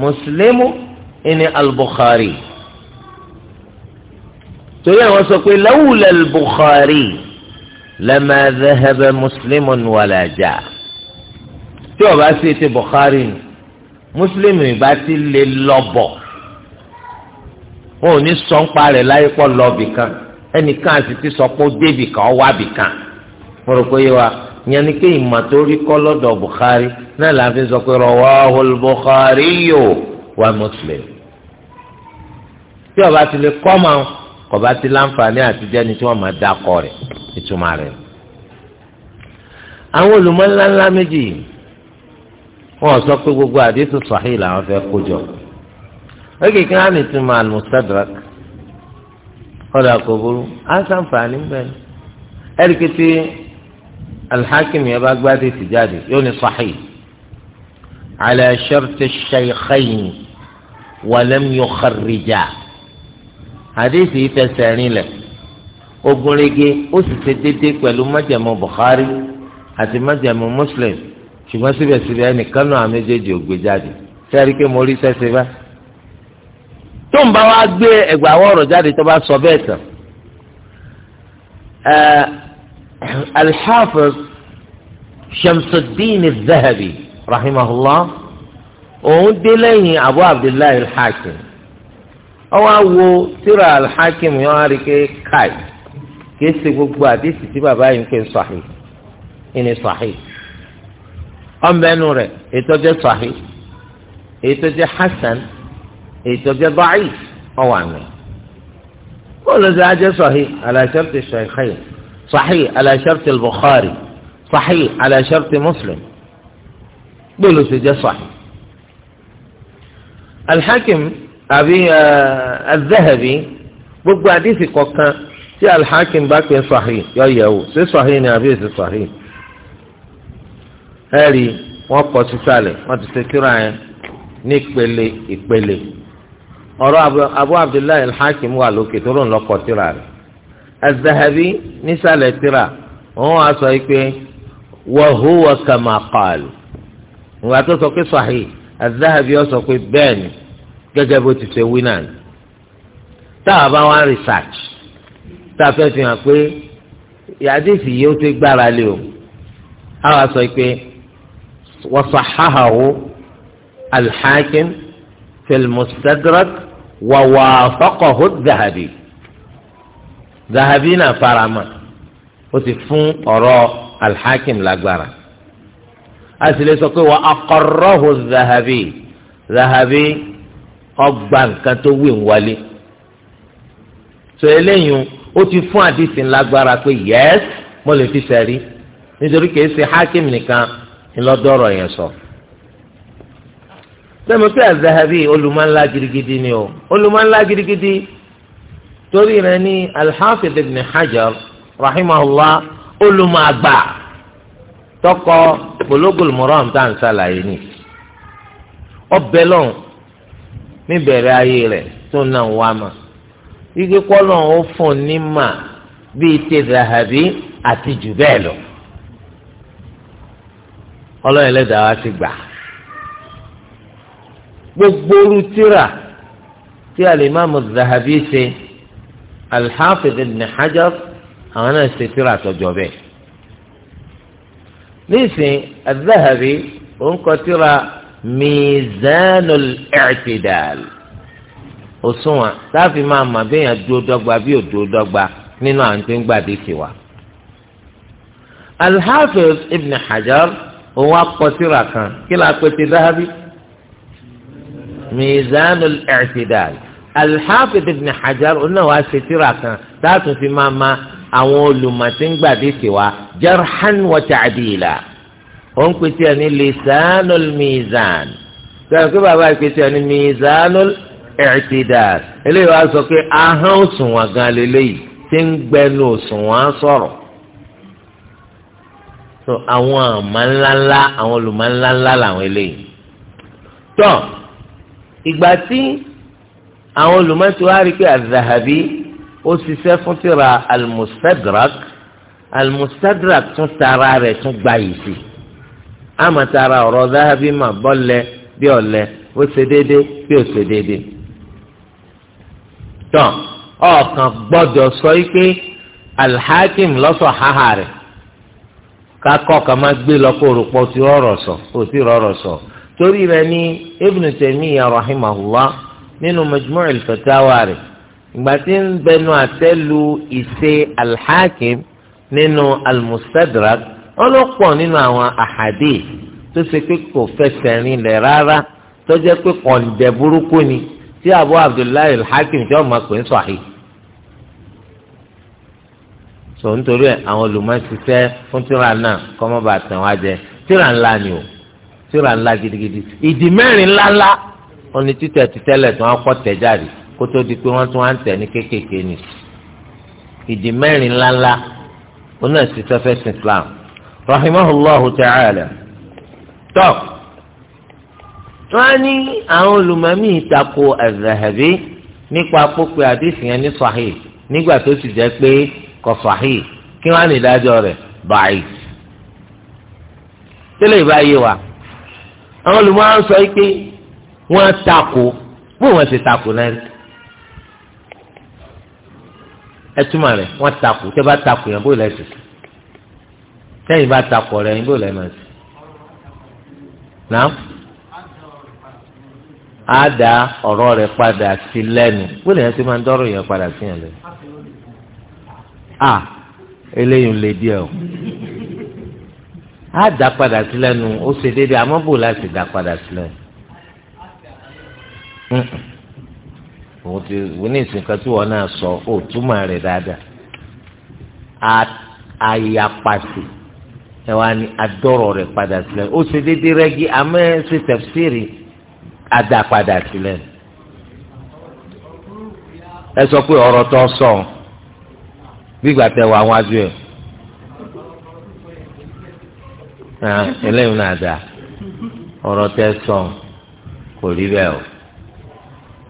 Speaker 1: mùsùlùmù ìní al torí àwọn sọ pé lawulẹ̀ al lama zahaba مسلم ولا جاء؟ tí o bá مسلم ti bukhari ni muslimu bá ti lè lọ́bọ̀ wọn ò ní sọ ń parẹ́ láyé pọ̀ lọ́ọ̀bì kan ẹnìkan àti ti sọ pé ó débì kan ó wábì kan mo rò pé yé wa ìyẹn ni pé ìmọ̀ tó rí kọ́ lọ́dọ̀ bukhari náà la fi sọ pé rawahul bukhari yóò wá muslim tí o ti lè kọ́ mọ́ kò bá ti láǹfààní àtijọ́ ni tí wọ́n máa dá kọ́ rẹ̀ ìtumọ̀ rẹ̀. àwọn olùmọ̀ ńláńlá méjì wọ́n sọ pé gbogbo àdìsù sahih làwọn fẹ́ kójọ ó kékeré á ní ìtumọ̀ al-mustadrak kọ́dà kò burú á sàǹfààní bẹ́ẹ̀ ẹ̀ríkìtì alḥakim yẹn bá gbádé ti jáde yóò ní sahih ala sharti shaykhayn walam yukharrija àdìsù yìí fẹsẹ̀ rìn lẹ̀ ogun rege ó sì ṣe déédéé pẹ̀lú májẹ̀mú Bukhari àti májẹ̀mú Muslim ṣùgbọ́n síbẹ̀síbẹ̀ ẹnìkan náà méjèèjì ò gbé jáde sẹ́rí pé mo rí sẹ́sẹ́ bá. tó ń bá wa gbé ẹgbàáwọ̀ ọ̀rọ̀ jáde tó bá sọ bẹ́ẹ̀ tán. al Shamsuddin zahabi rahimahullah òun dé lẹ́yìn Abu Abdullahi al-Hakim ọwọ́ wo tírà al-Hakim yẹn wá kìí ṣe gbogbo àdéhìí tí bàbá yìí ń pè sàhì ìní sàhì ọmọbẹnu rẹ ètò jẹ sàhì ètò jẹ hasan ètò jẹ báyì ọwọ àmì kóòlù ṣe ajẹ sàhì aláṣẹrìtì ṣèkìyì sàhì aláṣẹrìtì bukhari sàhì aláṣẹrìtì muslim kóòlù ṣe jẹ sàhì. alḥakim àbí eh, al-Dhahabi gbogbo àdéhìí kọ̀ọ̀kan tí alhakim bá pè sahih yọ yẹ̀ wò ṣé sahih ni àbí èsì sahih ẹ rí wọn kọ sísàlẹ̀ wọn ti ṣe kíra yẹn ní ìpele ìpele ọ̀rọ̀ abu abdullahi alhakim wà lókè tó ló ń lọkọ tíra rẹ̀ az-zahabi nísàlẹ̀ tíra wọn wá sọ pé wa huwa kama qalu tó sọ pé sahih az ọ sọ pé bẹ́ẹ̀ ni bó ti ṣe wí náà tá bá wá research tá a fẹ́ fi hàn pé yàdìsí yìí ó ti gbára lé o a wá sọ pé wasahahahu alḥakim filmustadrak wàwàfọkọhu zahabi zahabi náà farama ó ti fún ọ̀rọ̀ alḥakim lágbára a sì lè sọ pé wà akọrọhu zahabi zahabi ọgbà nǹkan tó wí wálé tó eléyìí ó ti fún àdìsí ńlágbára pé yẹ́s mo lè fi sẹ́rí nítorí kìí ṣe hákìm nìkan ńlọdọ́rọ̀ yẹn sọ. sẹ́mi pé azahabi olùmọ̀ńlá gidigidi ni o olùmọ̀ńlá gidigidi torí rẹ̀ ní alhafiz ibn hajar rahimahullah olùmọ̀àgbà tọkọ bulugul maram tá à ń ṣàlàyé ni ọbẹ̀ lọ́n níbẹ̀rẹ̀ ayé rẹ̀ tó náà wá máa igi kọ́lọ̀ ó fún ní mà bíi ti zahabi àti jù bẹ́ẹ̀ lọ ọlọ́run ẹlẹ́dàá wa ti gbà gbogbo orú tíra tí alimami zahabi ṣe alhafiz ibn hajar àwọn náà ṣe tíra tọjọ bẹ́ẹ̀ nísìn azahabi ó ń kọ tíra mizanul i'tidal òṣùwọ̀n láàfin máa mà béèyàn dúró dọ́gba bí òdúró dọ́gba nínú àwọn tó ń gbàdé tiwa. alhafiz ibn hajar òun akọsíra kan kí ló apẹtẹ dáhábì mizanul i'tidal alhafiz ibn hajar òun náà wá ṣe tíra kan táàtún fi máa ma àwọn olùmọ̀tí ń gbàdé tiwa jarhan wa ta'dila òun pèsè ẹni lisanul mizan sọ̀rọ̀ kí bàbá ìpèsè ẹni mizanul ẹ̀ẹ́dìdàr eléyìí wá sọ pé ahọ́n òṣùwọ̀n gan lélẹ́yìí tí ń gbẹnu òṣùwọ̀n á sọ̀rọ̀ so àwọn àmọ́ ńláńlá àwọn olùmọ̀ ńláńlá làwọn eléyìí tó ìgbà tí àwọn olùmọ̀ tí wàá rí pé az-Zahabi ó ṣiṣẹ́ fún tírà al-Mustadrak tún tara rẹ̀ tún gba yìí sí àmọ́ ọ̀rọ̀ Zahabi mà bọ́lẹ̀ bí ọ̀lẹ́ ó ṣe déédéé bí ó ṣe déédéé tán ọ̀kan gbọ́dọ̀ sọ pé alhakim lọ́sọ̀ haha rẹ̀ kakọ́ kan máa gbé lọ́kọ̀ọ́rọ̀ pọ̀ tí rọ̀rọ̀ sọ kò tí rọ̀rọ̀ sọ torí rẹ̀ ní ibn taymiyyah rahimahullah nínú majmu' al-fatawa rẹ̀ ìgbà tí ń bẹnu àtẹ́lu ìṣe alhakim nínú almustadrak ọlọ́pọ̀ nínú àwọn ahadith tó ṣe pé kò fẹsẹ̀ rinlẹ̀ rárá tó jẹ́ pé kọ̀ǹdẹ̀ burúkú ni tí abu abdullahi alhakim tí wọn máa pè ń sọ̀hí. sọ nítorí ẹ àwọn olùmọ̀ṣiṣẹ́ fún tíra náà kọ́mọ́ bá tẹ̀ wá jẹ tíra ńlá ni o tíra ńlá gidigidi ìdí mẹ́rin ńláńlá wọn ni títẹ̀ títẹ́lẹ̀ tí wọ́n kọ́ tẹ̀ jáde kó tó di pé wọ́n tún wá ń tẹ̀ ní kéékèèké ni ìdí mẹ́rin ńláńlá wọn náà ṣiṣẹ́ fẹ́ Islam rahimahullahu ta'ala tọ́ọ̀ wọ́n á ní àwọn olùmọ̀mí ìtako az-Zahabi nípa pópẹ́ àdéhùn yẹn ní sahih nígbà tó sì jẹ́ pé kò sahih kí wọ́n á ní ìdájọ́ rẹ̀ báyìí. tẹ́lẹ̀ ìbáyé wa àwọn olùmọ̀ á sọ pé wọ́n tako bó wọ́n ti tako náà ẹ túmọ̀ rẹ̀ wọ́n tako tẹ́ bá tako yẹn bó lẹ́sìn tẹ́yìn bá tako rẹ̀ yẹn bó lẹ́sìn á dá ọ̀rọ̀ rẹ̀ padà sí lẹ́nu wọ́n lè yẹn ti máa ń dọ́rọ̀ yẹn padà sí yẹn lẹ́nu. a eléyìí lè díẹ̀ o á dá padà sí lẹ́nu ó ṣe déédéé àmọ́ bò láti dá padà sí lẹ́nu. òun ti wọ́n ní ìsìnkan tí wọ́n náà sọ ó túmọ̀ rẹ̀ dáadáa àyàpàṣẹ ẹ wá ní adọ́rọ̀ rẹ̀ padà sílẹ̀ ó ṣe déédéé rẹ́gí àmọ́ ẹ ṣe tẹ̀síìrì adapadà sílẹ̀ ẹ sọ pé ọ̀rọ̀ tó sọ gbígbà tẹ wà wọn adúlẹ̀ eléyìí náà dà ọ̀rọ̀ tẹ sọ kò rí bẹ́ẹ̀ o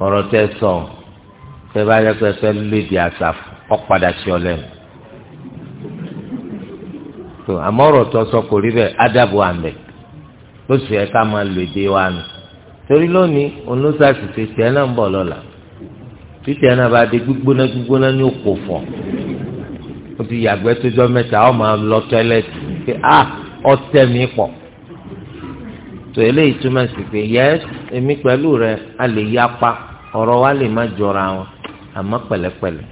Speaker 1: ọ̀rọ̀ tẹ sọ tẹ bá yẹ pé fẹ́ lédi àṣà ọ padà sí ọ lẹ́nu tó àmọ́ ọ̀rọ̀ tó sọ kò rí bẹ́ẹ̀ ádàbò àmì lóṣù yẹ ká máa lò èdè wa nù torí lónìí onúsàsì tètè ẹ̀ náà ń bọ̀ lọ́la títí ẹ̀ náà bá di gbígbóná gbígbóná ní òkò fọ̀ ó ti yàgbẹ́ tójọ́ mẹ́ta ó máa lọ tọ́ẹ́lẹ̀tì pé a ọtẹ mi pọ̀ tó eléyìí túmọ̀ sí pé yẹ́s èmi pẹ̀lú rẹ̀ a lè yapa ọ̀rọ̀ wa lè má jọra wọn àmọ́ pẹ̀lẹ́pẹ̀lẹ́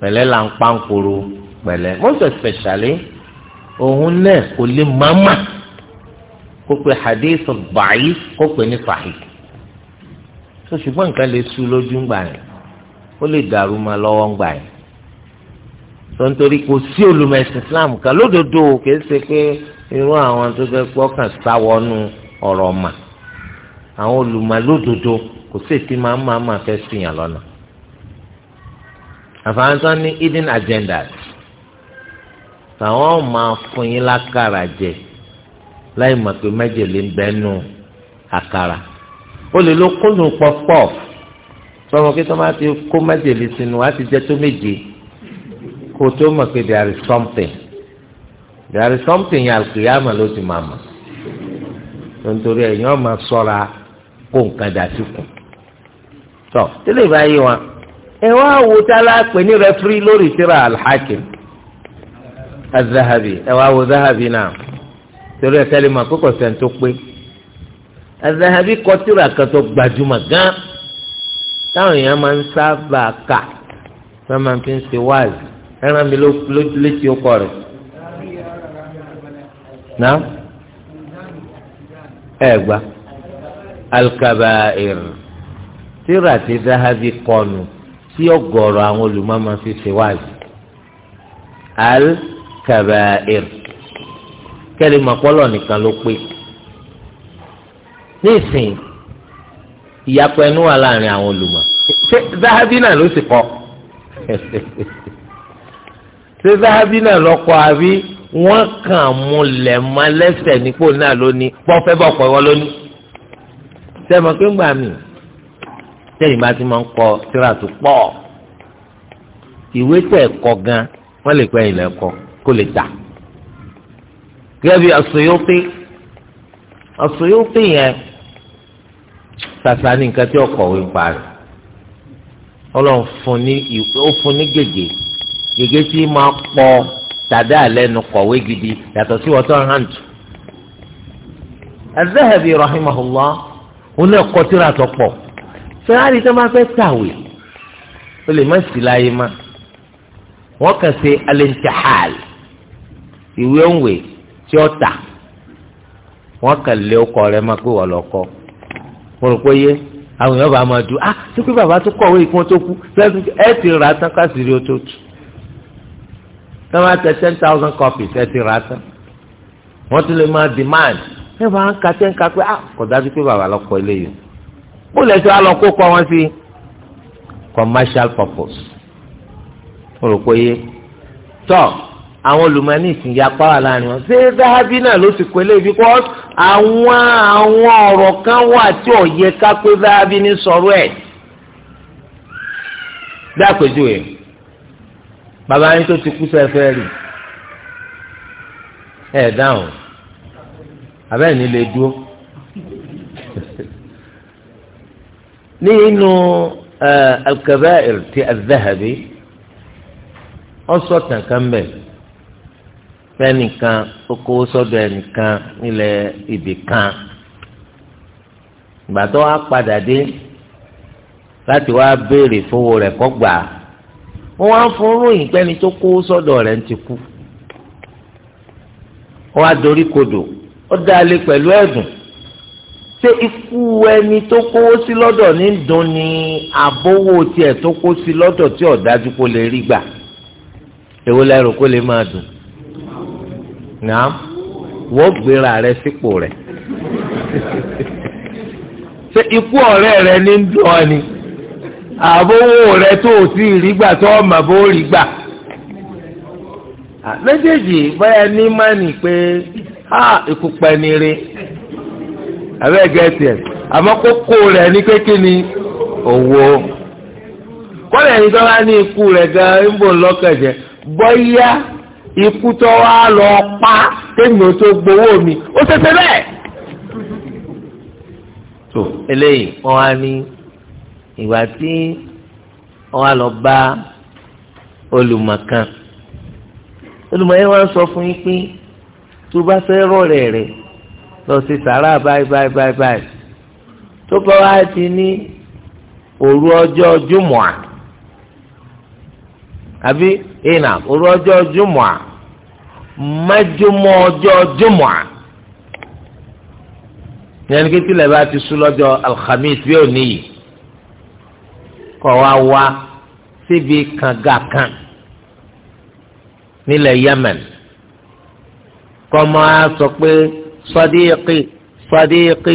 Speaker 1: pẹ̀lẹ́ là ń pa ń koro pẹ̀lẹ́ most especially òun náà kò lè máa máa kó pe hadith bàyí kó pe ní sahih tó ṣùgbọ́n nǹkan lè sú lójú ńgbà yẹn ó lè dàrú ma lọ́wọ́ ńgbà yẹn tó ń torí kò sí olùmẹ̀sìn Islam kan lódodo kìí ṣe pé irú àwọn tó fẹ́ gbọ́kàn sáwọnú ọ̀rọ̀ mà àwọn olùmọ̀ lódodo kò sí èsì máa ń máa máa fẹ́ sìyàn lọ́nà àfàǹsán ní hidden agendas àwọn máa fún yín lákàrà jẹ láì mọ̀ pé májèlé ń bẹ́nu àkàrà ó lè ló kónú pọfupọf sọmọ pé tó máa ti kó májèlé sínú á ti jẹ tó méje kó tó mọ̀ pé there is something there is something yẹn àlùkìyàmà ló ti máa mọ̀ nítorí ẹ̀yìn ọmọ sọ́ra kó nǹkan dà sí kù tọ́ tẹ́lẹ̀ báyìí wọn ẹ wá wo tálá pè ní rẹfúrí lórí tírà alhakim ẹ wá wo zahabi náà torí ẹ̀ka lè mọ àkókò sẹ́ni tó pé Al-Dhahabi kọ tírà kan tó gbajúmọ̀ gan táwọn èèyàn máa ń sábà kà wọ́n máa fi ń ṣe wáàzì ẹran mi létí ọkọ rẹ̀ náà ẹ gba Al-Kaba'ir tírà tí Dhahabi kọnu tí ọ̀gọ̀rọ̀ àwọn olùmọ̀ máa fi ṣe wáàzì Al-Kaba'ir kẹ́lẹ́ mọ̀ pọ́lọ̀ nìkan ló pé nísìnyí ìyapọ̀ ẹnu wà láàrin àwọn olùmọ̀ ṣé zahabi náà ló sì kọ́ [laughs] ṣé zahabi náà lọ kọ́ àbí wọ́n kàn mú lẹ́mọ́ lẹ́sẹ̀ nípò náà lónìí pọ́fẹ́ bọ̀ pẹ́ wọ́n lónìí sẹ́mi pé ń gbà mí sẹ́yìn bá ti máa ń kọ síra tó pọ̀ ìwé tẹ̀ kọ gan wọ́n lè pẹ́ ilẹ̀ kọ kó lè tà gẹ́gẹ́ bí as yẹn sàṣà ní nǹkan tí ọkọ̀wé ń parí ọlọ́run fún ní ó fún ní gègé gègé tí máa pọ̀ tàdá àlẹ́nu kọ̀wé gidi yàtọ̀ sí wọ́tọ́ hàǹd. Az-Zahabi rahimahullah òun náà kọ́ tíra tó pọ̀ fẹ́rẹ́rì tó máa fẹ́ tàwé ó lè má sí láyé má wọ́n kàn ṣe al-intihal ìwé òǹwé tí ó tà wọ́n kàn lé ọkọ rẹ̀ máa pé wọ́n lọ kọ́ mo rò pé yé àwọn èèyàn bá máa dùn ah tí pé bàbá tó kọ̀wé ìpọ́n tó kú ẹ ti rà á tán káṣíìrì ó tó tù tọ́wọ́ tẹ ten thousand copies ẹ ti rà á tán wọ́n tún lè máa demand ẹ bá ń ka tẹ́ ń ka pé ah kò dájú pé bàbá lọ kọ eléyìí
Speaker 2: ó lè tó alọ kó
Speaker 1: kọ wọn sí commercial purpose mo rò pé yé tọ́. So, àwọn olùmọ̀ọ́nì ìsìn ya pàwọ́ láàrin wọn ṣé dáhábì náà ló sì pé léyìí because àwọn àwọn ọ̀rọ̀ kan wà tí ò yẹ ká pé dáhábì ní sọ̀rọ̀ ẹ̀ dápèjúwe bàbá yín tó ti kú sẹ́fẹ́ rì ẹ̀ dáhùn abẹ́ẹ̀ ní lè dúró [laughs] nínú eh, alkaba'ir ti al-Dhahabi ọ̀sọ̀ tàn kan bẹ́ẹ̀ fẹ́nìkan ó kówó sọ́dọ̀ ẹnìkan nílẹ̀ ibì kan ìgbà tó wá padà dé láti wá béèrè fowó rẹ̀ kọ́ gbà á wọ́n wá ń fún ròyìn pẹ́ni tó kówó sọ́dọ̀ rẹ̀ ń ti kú ó wá dorí kodò ó dá a lé pẹ̀lú ẹ̀dùn ṣé ikú ẹni tó kówó sí lọ́dọ̀ ní dùn ni àbówó tiẹ̀ tó kó sí lọ́dọ̀ tí ọ̀dájú kó lè rí gbà èwo lẹ́rù kó lè máa dùn. nàám wọ́n gbéra rẹ sípò rẹ ṣé ikú ọ̀rẹ́ rẹ ní ń dùn ọ́ ni àbówó rẹ tó o sì rí gbà tó bó rí gbà méjèèjì báyà ní mánì pé a ikú abẹ́ gẹ̀ẹ́sì ẹ̀ àmọ́ kókó ní kékeré ni kọ́lẹ̀ ní ikú tó wá lọ pa kémi ò tó gbowó mi ó ṣẹṣẹ bẹ́ẹ̀. tó eléyìí wọn á ní ìgbà tí wọn á lọ bá olùmọ̀kan olùmọ̀yẹ́ wọn sọ fún yín pé tó bá fẹ́ rọ̀rẹ̀ rẹ̀ lọ sí sàrà báyìí báyìí báyìí tó bá wá ti ní òru ọjọ́ jùmọ̀à àbí ìnà òru ọjọ́ jùmọ̀à mẹ́jùmọ̀ ọjọ́ jùmọ̀à yẹn ní kékeré bá ti sùn lọ́jọ́ alhamis bí òní yìí kọ́ wa wá síbi kànga kan nílẹ̀ yemen kọ́ máa sọ pé sọdíìkì sọdíìkì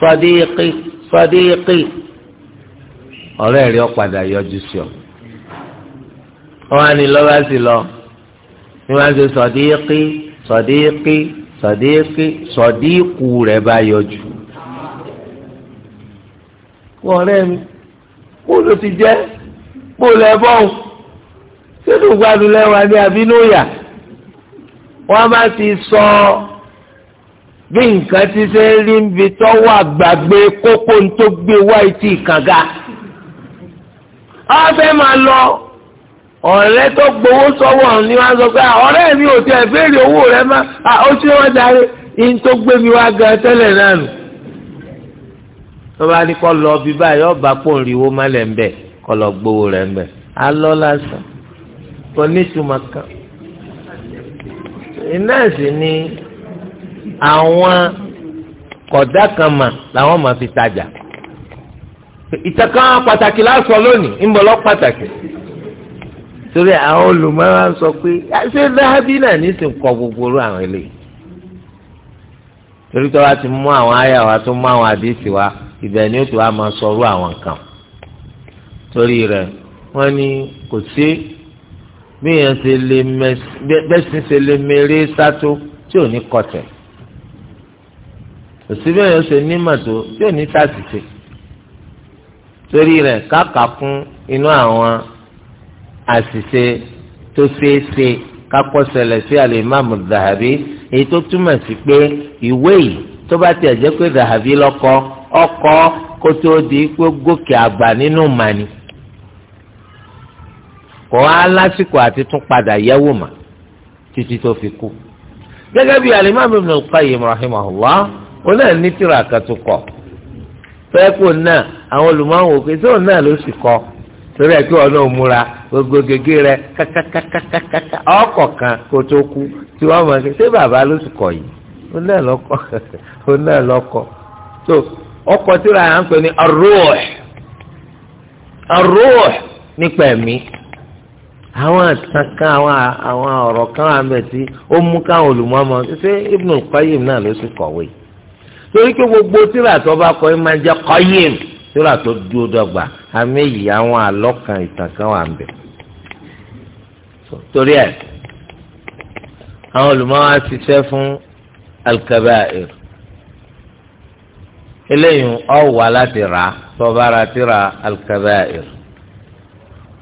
Speaker 1: sọdíìkì sọdíìkì ọ̀rẹ́ rẹ̀ ó padà yọjú sí ọ wọn á ní lọ́wọ́ sí lọ ni wọn á ṣe sọdíìkì sọdíìkì sọdíìkì sọdíìkù rẹ̀ bá yọjú. wọ́n rẹ́ mi kó ló ti jẹ́ kó lẹ bọ́ọ̀n sínú gbádùn lẹ́wà ní àbínúyà wọ́n bá ti sọ bí nǹkan ti ṣe rí ibi tó wà gbàgbé kókó tó gbé wáyé kàga. ọ fẹ́ máa lọ ọ̀rẹ́ tó gbowó sọ́wọ́ ni wọ́n á sọ pé ọ̀rẹ́ mi ò tiẹ̀ béèrè owó rẹ má ó ṣe wọ́n darí in tó gbé mi wá gan tẹ́lẹ̀ náà nù. tó bá ní kọ́ lọ bí báyìí ọba pọ̀ ń riwó mọ́lẹ̀ ń bẹ̀ kọ́ lọ gbowó rẹ̀ ń bẹ̀ á lásán kò ní kan. iná sì ni àwọn kọ̀dá kan mà làwọn máa fi tajà. ìtàn pàtàkì lásán lónìí ń bọ̀ lọ pàtàkì torí àwọn olùmọ̀ràn sọ pé ṣé láhábí náà nísìn kọ gbogbo rú àwọn eléyìí torí tó wá ti mú àwọn àyà wa tó mú àwọn àdéhìí wa ibẹ̀ ni ó ti wá máa sọ rú àwọn nǹkan torí rẹ̀ wọ́n ní kò sí bíyàn ṣe lè bẹ́sìn ṣe lè mèrè sátó tí ò ní kọtẹ̀ kò sí bẹ́yàn ṣe nímọ̀ tó tí ò ní sàṣìṣe torí rẹ̀ káàkà kún inú àwọn àṣìṣe tó ṣeé ṣe kápọ̀ ṣẹlẹ̀ sí alimami zahabi èyí tó túmọ̀ sí pé ìwé yìí tó bá tiẹ̀ jẹ́ pé zahabi lọ́kọ́ ọkọ́ kó tó di pé gòkè àgbà nínú màní kò á lásìkò àti tún padà yẹ̀wò mà títí tó fi kú gẹ́gẹ́ bí alimami ibn al-qayyim rahimahullah onáà ní tírà kan tó kọ fẹ́ẹ́ kó náà àwọn olùmọ̀ọ́wò pé sóun náà ló sì kọ́ torí ẹ kí wọn náà múra gbogbo gègé rẹ kàkàkàkàkàkà ọkọ kan tó kú tí wọn mọ ṣé bàbá ló sì kọ yìí ó náà lọkọ [laughs] ó ọkọ tí ra à ń pè ní arúwẹ arúwẹ nípa ẹ̀mí àwọn àtàn àwọn àwọn ọ̀rọ̀ kan wà mẹ tí ó mú káwọn olùmọọmọ náà ló sì torí pé gbogbo bá kọ máa sóra tó dúró dọ́gba àmì èyí àwọn àlọ́kan ìtàn kan wà ń bẹ̀. torí ẹ̀ àwọn olùmọ̀wá ṣiṣẹ́ fún al-kaba'ir eléyìí ọ̀ wà láti rà tọ́bára ti ra al-kaba'ir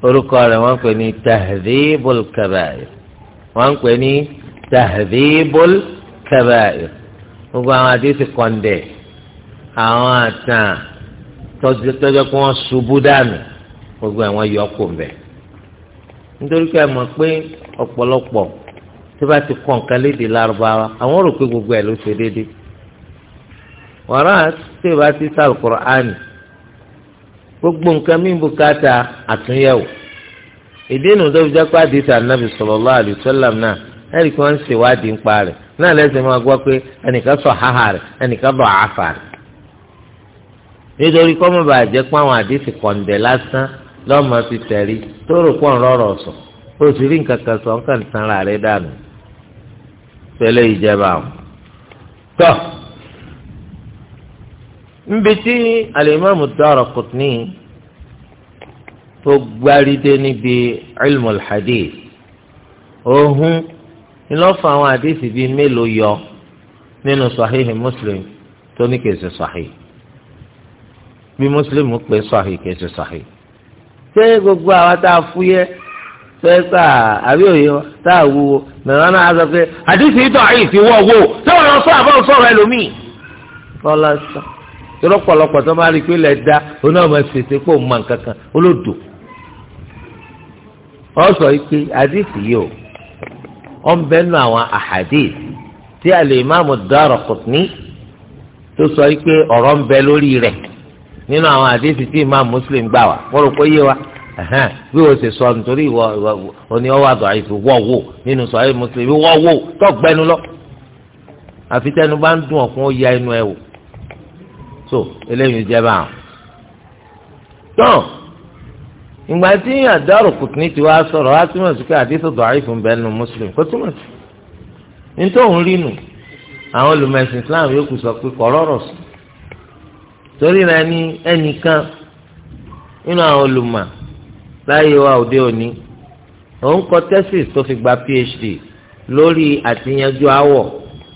Speaker 1: orúkọ rẹ̀ wọ́n pè ní tahdhibul kaba'ir wọ́n pè ní tahdhibul kaba'ir gbogbo àwọn àdéhùn kọ̀ǹdẹ̀ àwọn àtàn. tọ́jọ́ kí wọ́n ṣubú dànù gbogbo àwọn yọ mbẹ nítorí pé ẹ mọ̀ pé ọ̀pọ̀lọpọ̀ bá ti kọ́ nǹkan léde lárúbáwá àwọn rò pé gbogbo ẹ̀ ló ṣe déédéé wàrà bá ti sàlùkùrọ̀ àná gbogbo nǹkan mí bùkátà àtúnyẹ̀wò ìdí nu tó fi jẹ́ pé náà kí wọ́n ń ṣèwádìí ń parẹ̀ náà lẹ́sìn máa gbọ́ pé nítorí kọ́ mọ̀ bàjẹ́ pé àwọn àdìsí kọ̀ǹdẹ̀ lásán lọ́mọ ti tẹ̀rí tó rò pọ̀ ńrọ̀rọ̀ sọ ó sì rí nǹkan kan sọ nǹkan tanra rẹ̀ dànù tẹ́lẹ̀ ìjẹba àwọn. tọ́ níbi tí alimami Daraqutni tó gbárídé níbi ilmul hadith ohun ńlọ́fọ̀ àwọn àdìsí bíi mélòó yọ nínú sahihi Muslim tó ní kèsì sahihi bí mùsùlùmí pé sahih kìí ṣe sahih ṣé gbogbo àwọn tá a fúyẹ́ ṣé ká àbí òye tá a wúwo nàrà náà a sọ pé àdìsí ìtọ̀ àyè ti wọ̀ wò sọ̀rọ̀ lọ sọ àbọ̀ sọ̀rọ̀ ẹlòmíì lọ́la sọ tọ́lọ́ pọ̀lọpọ̀ tó máa rí i pé lẹ́ da oní ọmọ ṣèṣe pé òun mọ nǹkan kan olódò ọ sọ pé àdìsí yìí o ọ ń bẹ́nu àwọn àhàdìs tí al-Imam Ad-Daraqutni tó sọ pé ọ̀rọ̀ ń bẹ lórí rẹ̀ nínú àwọn àdéhùn tí imam muslim gbà wá wọ́n rò pé yé wa bí o ṣe sọ nítorí ìwọ oní ọwọ́ àdó àìsàn wọ́ wò nínú sọ̀rọ̀ muslim wọ́ wò tó gbẹnu lọ àfi tẹnu bá ń dùn ọ̀kún ya inú ẹ wò so eléyìí jẹ́ báwọn. tán ìgbà tí àdárò kùtùnì tí wàá sọ̀rọ̀ wá túmọ̀ sí pé àdéhùn dọ̀ àìsàn bẹ́ẹ̀ nu muslim kó túmọ̀ sí nítorí òun rí nù àwọn olùmọ̀ ẹ̀sìn islam yóò kù sọ pé kọ̀ọ̀rọ̀ rọ̀ sùn torí rẹ̀ ní ẹnìkan nínú àwọn olùmọ̀ láyé wa òde òní òun kọ thesis tó fi gba phd lórí àtiyanjú awọ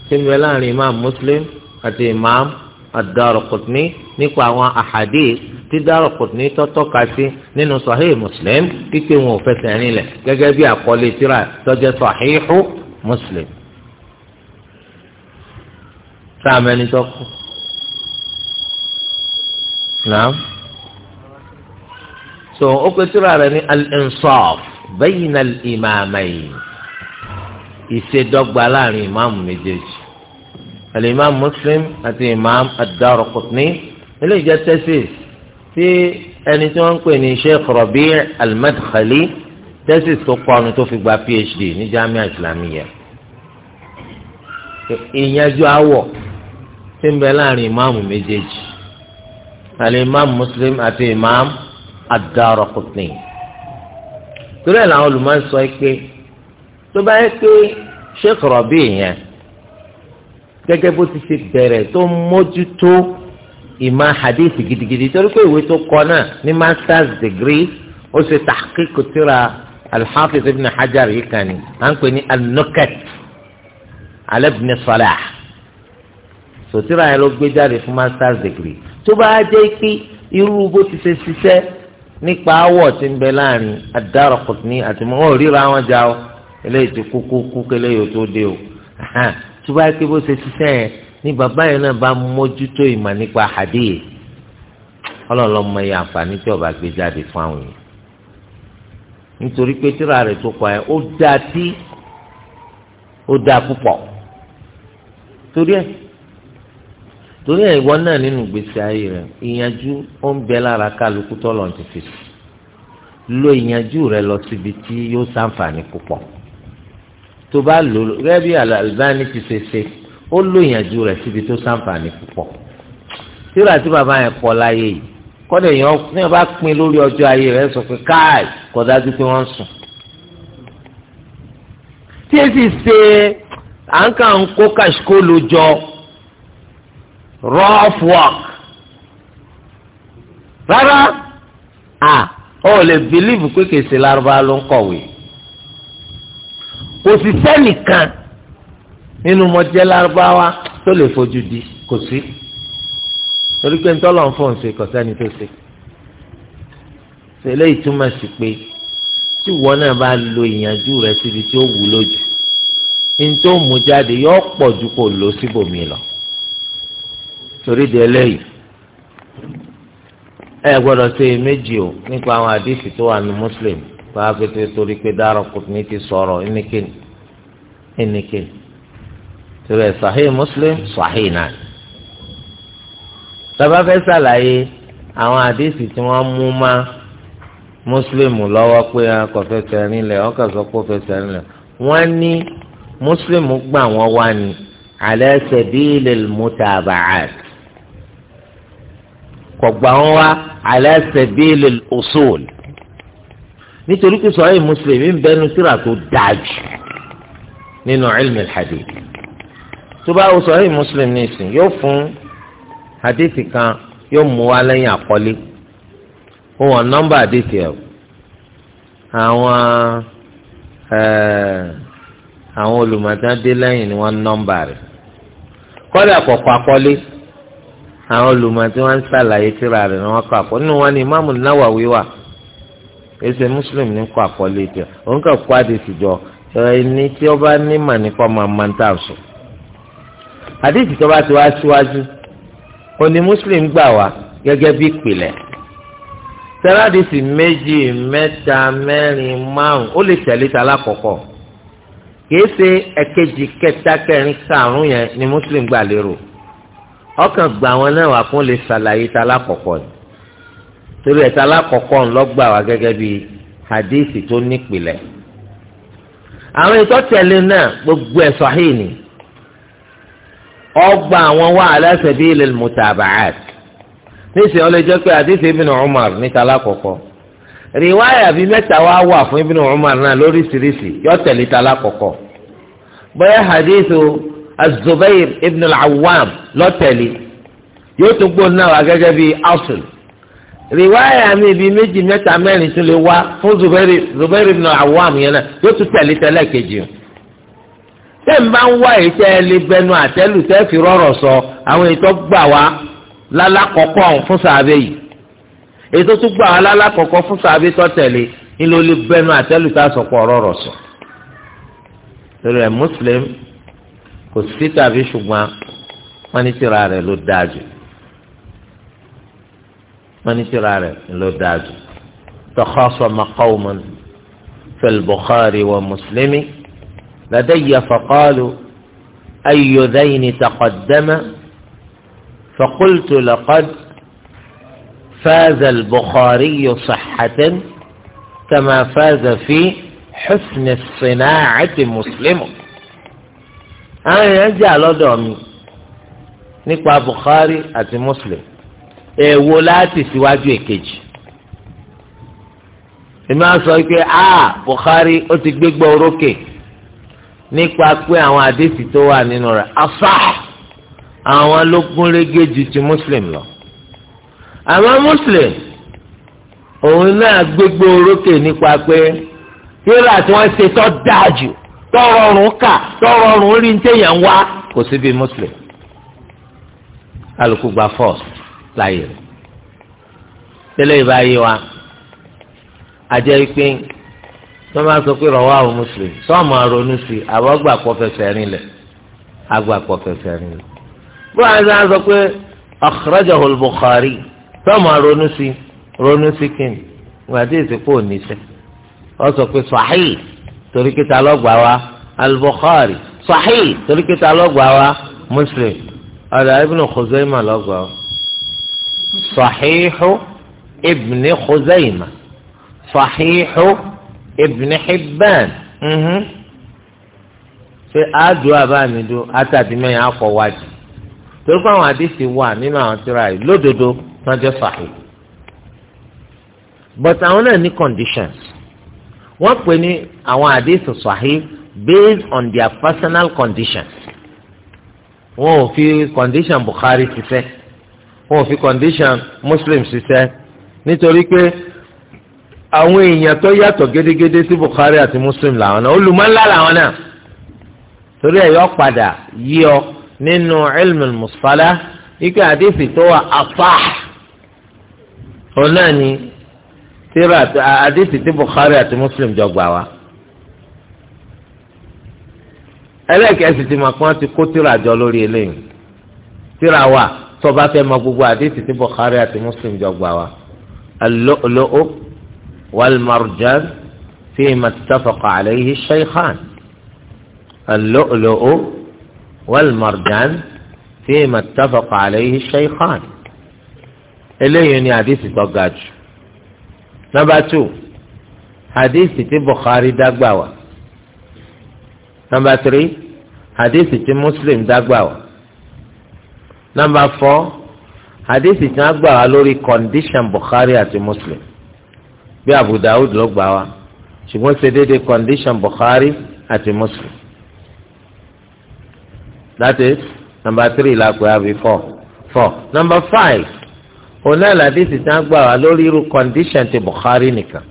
Speaker 1: tí ń láàrin imam muslim àti imam ad-Daraqutni nípa àwọn ahadith tí Daraqutni tọ́tọ́ka sí nínú sahih muslim pípé wọn ò fẹsẹ̀ rinlẹ̀ gẹ́gẹ́ bí àkọlé tírà tó sahihu muslim. sáà mẹ́ni tó naam so ó pe tírà rẹ̀ ní al-insaf bayna al-imamayn ìṣèdọ́gba láàrin ìmáàmù méjèèjì al-imam muslim àti imam ad-darqutni eléyìí jẹ́ tẹ́sís tí ẹni tí wọ́n ń pè ní sheikh rabi' al-madkhali tẹ́sís tó kọ́nu tó fi gba phd ní jami'a islamiyya ìyẹn ju awọ tí ń bẹ láàrin ìmáàmù méjèèjì alimami muslim àti imam ad-Daraqutni torí ẹ̀ làwọn olùmọ̀ sọ pé tó bá yẹ pé sheikh Rabi yẹn gẹ́gẹ́ bó ti ṣe bẹ̀rẹ̀ tó mójútó ìmọ̀ hadith gidigidi torí pé ìwé tó kọ náà ní masters degree ó ṣe tahqiq tírà al-Hafiz ibn Hajar yìí kan ní à ń pè ní al-Nukat ala ibn sòtìrà yẹn ló gbé jáde fún masters degree tó bá jẹ́ pé irú bó ti ṣe ṣiṣẹ́ nípa awọ tí ń bẹ láàrin Ad-Daraqutni àti mọ ọ ríra wọn já ọ eléyìí ti kú kú kú kẹlẹ yóò tó dé o tó bá ké bó ṣe ṣiṣẹ́ yẹn ní bàbá yẹn náà bá mójútó ìmọ̀ nípa hadith ọlọlọ mọ iye àǹfààní tí ọba gbé jáde fún àwọn yẹn nítorí pé tíra rẹ̀ tó pa yẹn ó dáa tí ó dáa púpọ̀ torí ẹ̀ torí ẹ̀ ìwọ náà nínú gbèsè ayé rẹ ìyànjú ó ń bẹ lára kálukú tọ́lọ̀ ti fi lo ìyànjú rẹ lọ síbi tí yóò ṣàǹfààní púpọ̀ tó bá lò gẹ́gẹ́ bí Al-Albani ti ṣe ṣe ó lo ìyànjú rẹ síbi tó ṣàǹfààní púpọ̀ síra tí bàbá yẹn pọ̀ láyé yìí kọ́dọ̀ èèyàn ní ọba pin lórí ọjọ́ ayé rẹ sọ pé káì kò pé wọ́n sùn tí èsì ṣe à ń kà ń kó kàṣkó lójọ́ rough work rárá à ó lè believe pé kèsì lárúbá ló ń kọ̀wé kò sì sẹ́nìkan nínú mọ̀jẹ́ lárúbáwá tó lè fojú di kò sí torí pé ntọ́lọ̀ ń fọ̀n ṣe kọ̀sẹ́ni tó ṣe tẹ̀lé ìtumọ̀ sí pé tí wọ́n náà bá lo ìyànjú rẹ̀ síbi tí ó wù lójú ní tó mú jáde yóò pọ̀ ju kò lọ síbòmí lọ. torí di eléyìí ẹ gbọ́dọ̀ ṣe méjì o nípa àwọn àdìsí tó wà ní muslim báwa pété torí pé dárò kùtùmí ti sọ̀rọ̀ ẹnikẹ́ni ẹnikẹ́ni torí ẹ sàhíì muslim sàhíì náà tọ́ba fẹ́ ṣàlàyé àwọn àdìsí tí wọ́n mú má muslim lọ́wọ́ pé kò fẹsẹ̀ rinlẹ̀ ọkọ sọ pé fẹsẹ̀ rinlẹ̀ ní muslim gbà wá ní kò gbà wọn wá ala sabilil usul nítorí pé sọ̀rọ̀ mùsùlùmí ń bẹnu síra tó dájú nínú ilmi hadith tó bá wọ sọ̀rọ̀ mùsùlùmí nìsín yóò fún hadith kan yóò mú wa lẹ́yìn àkọlé fún wọn nọ́mbà hadith ẹ̀ àwọn àwọn olùmọ̀tán dé ni wọ́n nọ́mbà rẹ̀ kọ́lé àkọ́kọ́ àkọlé àwọn olùmọ̀ tí wọ́n ń ṣàlàyé tírà rẹ̀ ni wọ́n kọ àkọ́ nínú wọn ni Imam Nawawi wà èsè Muslim ní kọ àkọlé tẹ òun kàn kó àdìsí jọ ẹni tí ó bá ní mà nípa máa máa ń tà sùn àdìsí tó bá ti wá síwájú òun ni Muslim gbà wá gẹ́gẹ́ bí ìpìlẹ̀ tẹ́ládìsí méjì mẹ́ta mẹ́rin márùn ó lè tẹ̀lé ta lákọ̀ọ́kọ́ kìí ṣe ẹ̀kejì kẹta kẹrin karùn yẹn ni Muslim gbà lérò ọkàn gbà wọn náà wà fún lè ṣàlàyé ta lákọ̀ọ́kọ́ ni torí ẹ̀ta lákọ̀ọ́kọ́ ń lọ́gbà wá gẹ́gẹ́ bí hadithi tó nípìlẹ̀ àwọn ètò tẹ̀lé náà gbogbo ẹ̀ sahih ni ọgbà àwọn wà ala sabilil mutaba'at níṣẹ́ ọ lè jẹ́ pé hadithi Ibn Umar níta lákọ̀ọ́kọ́ rìwáyà bíi mẹ́ta wá wà fún Ibn Umar náà lóríṣiríṣi yọ tẹ̀lé ta lákọ̀ọ́kọ́ bóyá hadithu azubair ibn al-awwam lọ́tẹ̀lé yóò tún gbóná wa gẹ́gẹ́ bíi asul riwaya mi bíi méjì mẹ́ta mẹ́rin tún lè wá fún zubairi zubairi ibn awam yẹn náà yóò tún tẹ̀lé tẹ́lẹ̀ kejì o tẹ́ ń bá ń wá èyí tẹ́ ẹ lè bẹnu àtẹ́lù tẹ́ fi rọ̀rọ̀ sọ àwọn èyí tó gbà wá lálákọ̀ọ́kọ́ fún sàbẹ̀ yìí èyí tún gbà wá lálákọ̀ọ́kọ́ fún sàbẹ̀ tó tẹ̀lé ni lè bẹnu àtẹ́lù tá sọ pọ̀ rọ̀rọ̀ sọ. kò sí tàbí ṣùgbọ́n wọ́n ní tírà rẹ̀ ló dáa jù wọ́n ní tírà rẹ̀ ló dáa jù tọ́kọ́ takhasama qawman fil Bukhari wa Muslimi ladayya faqalu ayyu dhayni taqaddama فقلت لقد فاز البخاري صحة كما فاز في حسن الصناعة مسلم àwọn èèyàn jà lọ́dọ̀ mi nípa Bukhari àti Muslim èèwo láti síwájú èkejì èmi á sọ pé a Bukhari ó ti gbégbá orókè nípa pé àwọn àdéhìí tó wà nínú rẹ̀ afá àwọn ló gún régé ju ti Muslim lọ àmọ́ Muslim òun náà gbégbá orókè nípa pé yóò rà tí wọ́n ṣe tó dáa jù tọrọrùn kà tọrọrùn orí ń tẹ̀yàn wá kò sí bíi muslim alùpùpù gba first láàyè rẹ̀ tẹ́lẹ̀ ìbáyé wa àjẹ́ pé tó máa sọ pé rọwọ́ àwọn muslim sọ́ọ̀mù àrònú sí àwọn àgbà kọ́ fẹsẹ̀ rìn lẹ̀ àgbà kọ́ fẹsẹ̀ rìn bóyá ẹni náà sọ pé akhrajahu al-Bukhari sọ́ọ̀mù àrònú sí ronú sí kí ni ìgbà tí èsì kò ní sẹ́ ọ sọ pé sahih torí pé ta ló gbà wá al-Bukhari sahih torí pé ta ló gbà wá Muslim ọ̀dà ibn Khuzaimah ló gbà wá sahihu ibn Khuzaimah sahihu ibn Hibban mhm. ṣe àádùn àbáàmìdù àtàdìmẹ́yìn àkọ́wájú torí pé àwọn àdìsí wà nínú àwọn tíra yìí lódodo wọ́n jẹ́ sahih but àwọn náà ní conditions wọ́n pè ní àwọn àdéhùn sahih based on their personal conditions wọn ò fi condition Bukhari ṣiṣẹ́ wọn ò fi condition Muslim ṣiṣẹ́ nítorí pé àwọn èèyàn tó yàtọ̀ gédégédé sí Bukhari àti Muslim làwọn náà olùmọ̀lá làwọn náà torí ẹ̀ yọ padà yí ọ nínú ilmu musfala ike àdéhùn tó wà afá òun náà ni tíra àdìsí tí Bukhari àti Muslim jọ gbà wá ẹlẹ́kẹ̀ẹ́sì ti mọ̀ kán ti kó tíra jọ lórí eléyìí tíra wà tó bá fẹ́ mọ gbogbo àdìsí tí Bukhari àti Muslim jọ gbà wá al-lu'lu' wal-marjan fima ittafaqa alayhi ash-shaykhan al-lu'lu' wal eléyìí ni àdìsí tó ga Number two hadithi ti Bukhari dágbà Number three hadithi ti Muslim dágbà Number four hadithi ti wọn gbà condition Bukhari ati Muslim bí Abu Dawud ló gbà wá ṣùgbọ́n ṣe déédéé condition Bukhari ati Muslim that is number three la pè àbí four four number five. Ona náà làdísì tí wọ́n gbà wá lórí condition ti Bukhari nìkan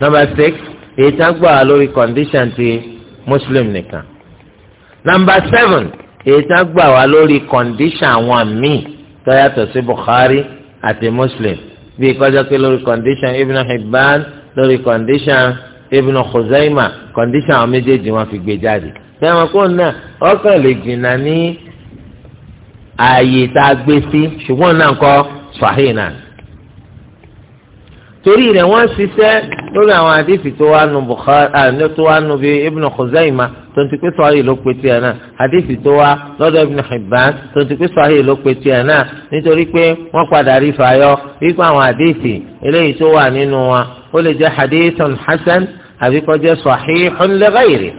Speaker 1: number six èyí tí wọ́n gbà wá lórí condition ti Muslim nìkan number seven èyí tí wọ́n gbà wá lórí condition àwọn míì tó yàtọ̀ sí Bukhari àti Muslim bí kọjá pé lórí condition Ibn Hibban lórí condition Ibn Khuzaima condition àwọn méjèèjì wọ́n fi gbé jáde bẹ́ẹ̀ wọn kò náà ọkàn lè jìnnà ní ààyè tá a gbé sí ṣùgbọ́n náà kọ́ sahih náà torí rẹ̀ wọ́n ṣiṣẹ́ lórí àwọn àdìsí tó wà nù Bukhari àná tó wà nù bí Ibn Khuzaima tó ń ti pé sahih ló pe tiẹ̀ náà àdìsí tó wà lọ́dọ̀ Ibn Hibban tó ń ti pé sahih ló pe tiẹ̀ náà nítorí pé wọ́n padà rí fàyọ wípé àwọn àdìsí eléyìí tó wà nínú wọn ó lè jẹ́ hadithun hasan àbí kó jẹ́ sahihun li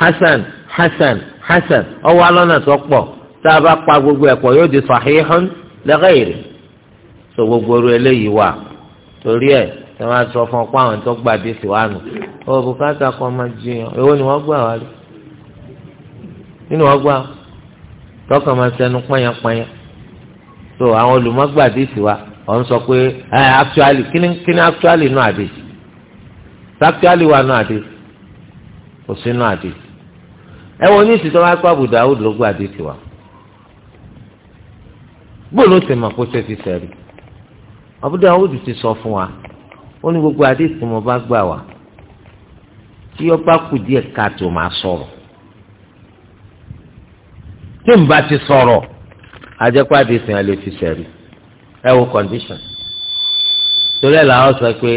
Speaker 1: hasan hasan hasan ó wà tó pọ̀ tá a bá pa gbogbo ẹ̀pọ̀ yóò di sàhíhán lẹ́gẹ̀ẹ́rì so gbogbo oru eléyìí wà torí ẹ̀ ẹ máa sọ fún ọ pé àwọn tó gbà dé síwáànù ó bùkátà kan máa jiyàn èwo ni wọ́n gbà wá rí nínú ọgbà tọkàn máa sẹnu pányápányá so àwọn olùmọ́gbà dé síwá ọ̀ ń sọ pé ẹ actually kíni kíni actually nù àdé actually wà nù àdé kò sí nù àdé ẹ wo ní ìsìtọ́ wá pàbùdà ó ló gbà dé síwá gbọ́dọ̀ sì mọ̀ kó ṣe fi sẹ̀rí Abu Dawud ti sọ fún wa ó ní gbogbo àdéhùn tí mo bá gbà wá tí ó bá kù díẹ̀ káàtó máa sọ̀rọ̀ tí n bá ti sọ̀rọ̀ àjẹpọ̀ àdéhùn yẹn lè fi sẹ̀rí ẹ wo condition torí ẹ̀ làwọn sọ pé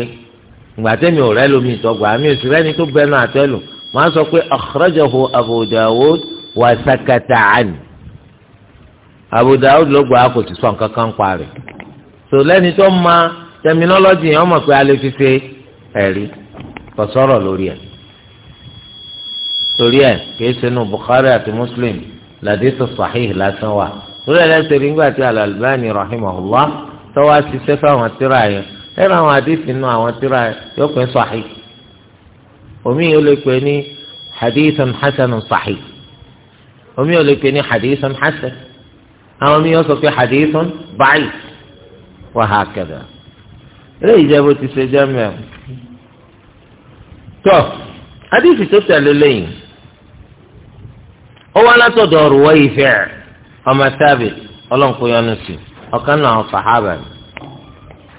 Speaker 1: ìgbà tẹ́mi ò rẹ́ lómi ìtọ́gbà àmì òsì rẹ́ni tó bẹnu àtẹ́lù wọ́n á sọ pé akhrajahu Abu Dawud wa sakata anhu. Abu Dawud ló gbà kò ti sọ nǹkan kan pa rẹ̀ tó lẹ́ni tó ma tẹminọ́lọ́jì yẹn wọ́n mọ̀ pé a lè fi ṣe ẹ̀rí kò sọ̀rọ̀ lórí ẹ̀ torí ẹ̀ kìí sinú Bukhari àti Muslim ladithu sahih lásán wa lórí ẹ̀ lẹ́sẹ̀ rí nígbà tí Al-Albani rahimahullah tó wá ṣiṣẹ́ fáwọn tíra yẹn lẹ́nu àwọn àdìsí nù àwọn tíra yẹn yóò pín sahih omi yóò lè pè ní hadithan hasanun sahih omi yóò lè pè ní hadithan hasan àwọn mi yọ sọ pé hadithun báyìí wa hakada eléyìí jẹ́ bó ti ṣe jẹ́ mẹ́rin. tọ́ hadith tó tẹ̀lé lẹ́yìn ó wá látọ̀dọ̀ Ruwayfi' ọmọ Thabit ọlọ́nkó yọnu sí ọ̀kan náà sàhábà ni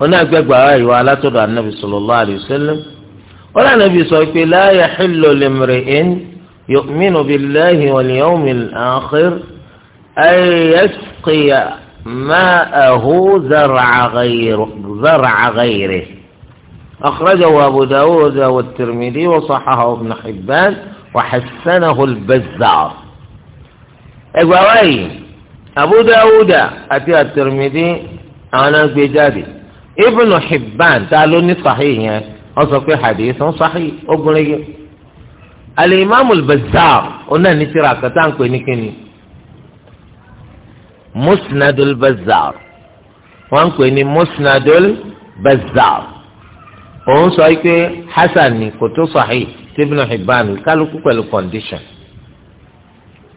Speaker 1: onágbẹ́gbà wa ìwà látọ̀dọ̀ anabi sallallahu alayhi wa sallam wọ́n sọ pé la yahillu limri'in yu'minu billahi wal yawmil akhir. أن يسقي ماءه زرع غيره زرع غيره أخرجه أبو داود والترمذي وصححه ابن حبان وحسنه البزار إبوي أبو داود أتي الترمذي أنا بجادي ابن حبان تعالوا صحيح يعني في حديث صحيح أبني الإمام البزار قلنا نتراك تانكو نكني musnadul bazzar wọ́n ń pè ní musnadul bazzar òun sọ pé hasan ni kò tó sahih tibnu hibban kálukú pẹ̀lú condition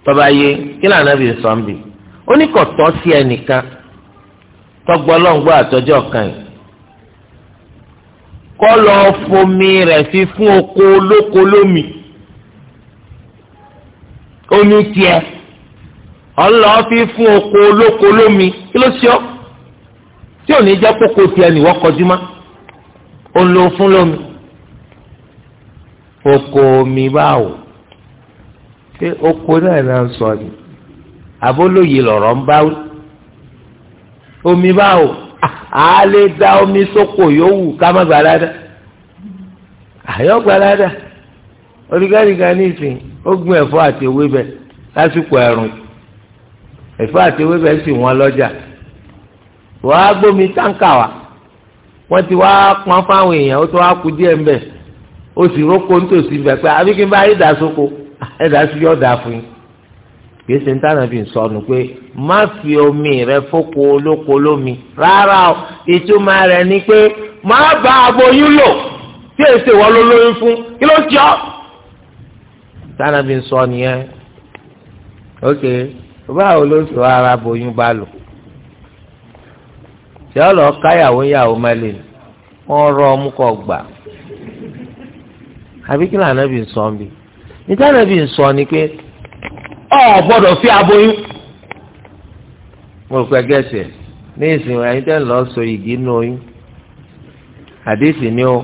Speaker 1: tọ́ba yé kí ni ànábì sọ ń bì ó ní kò tọ́ sí ẹnìkan tọ́gbọ́ lọ́ngbọ́ àtọ́jọ́ kan yìí kọ́ lọ fomi rẹ̀ fi fún oko olóko lómi ó ní tiẹ̀ ọlọ́ fi fún oko olóko lómi kí ló ṣe ọ́ tí ò ní jẹ́ kókó tiẹ̀ nìwọ́ kọjú má ó ń lo fún lómi oko omi báwo ṣé oko náà náà sọ ni àbólóyè lọ̀rọ̀ ń báwí omi báwo àá lè da omi sóko yòówù ká má gbà dáadáa àyọ̀ gbà dáadáa oríkàríkà ní ó gbin ẹ̀fọ́ àti ewébẹ̀ lásìkò ẹ̀rùn yìí ẹ̀fọ́ àti ewébẹ̀ sì wọ́n lọ́jà wàá gbómi táǹkà wa wọ́n ti wá pọn fáwọn èèyàn ó tó wá ku díẹ̀ ńbẹ̀ ó sì rókò nítòsí ńbẹ̀ pé àbí kí n bá ẹ̀dá sóko [laughs] ẹ̀dá sí yọ̀ dà fún yín kìí ṣe nítorí àbí sọnù pé má fi omi rẹ fóko olóko lómi rárá o ìtumọ̀ rẹ̀ ni pé má bá aboyún lò tí èsì wọ́n ló fún kí ló jọ́ tánàbí sọ nìyẹn ókè. Okay báwo ló sọ ara boyún bá lò ṣé ọ lọ káyàwó yàwó mẹ́lẹ̀ wọ́n rọ ọmú kọ gbà àbí kí lànà bí sọ ń bì níta lànà bí sọ ni pé ọ gbọ́dọ̀ fi aboyún mo rò pé gẹ̀ẹ́sì ní ìsìn ẹ̀yin tẹ́ lọ sọ igi nù oyún àdéhìsì ni ó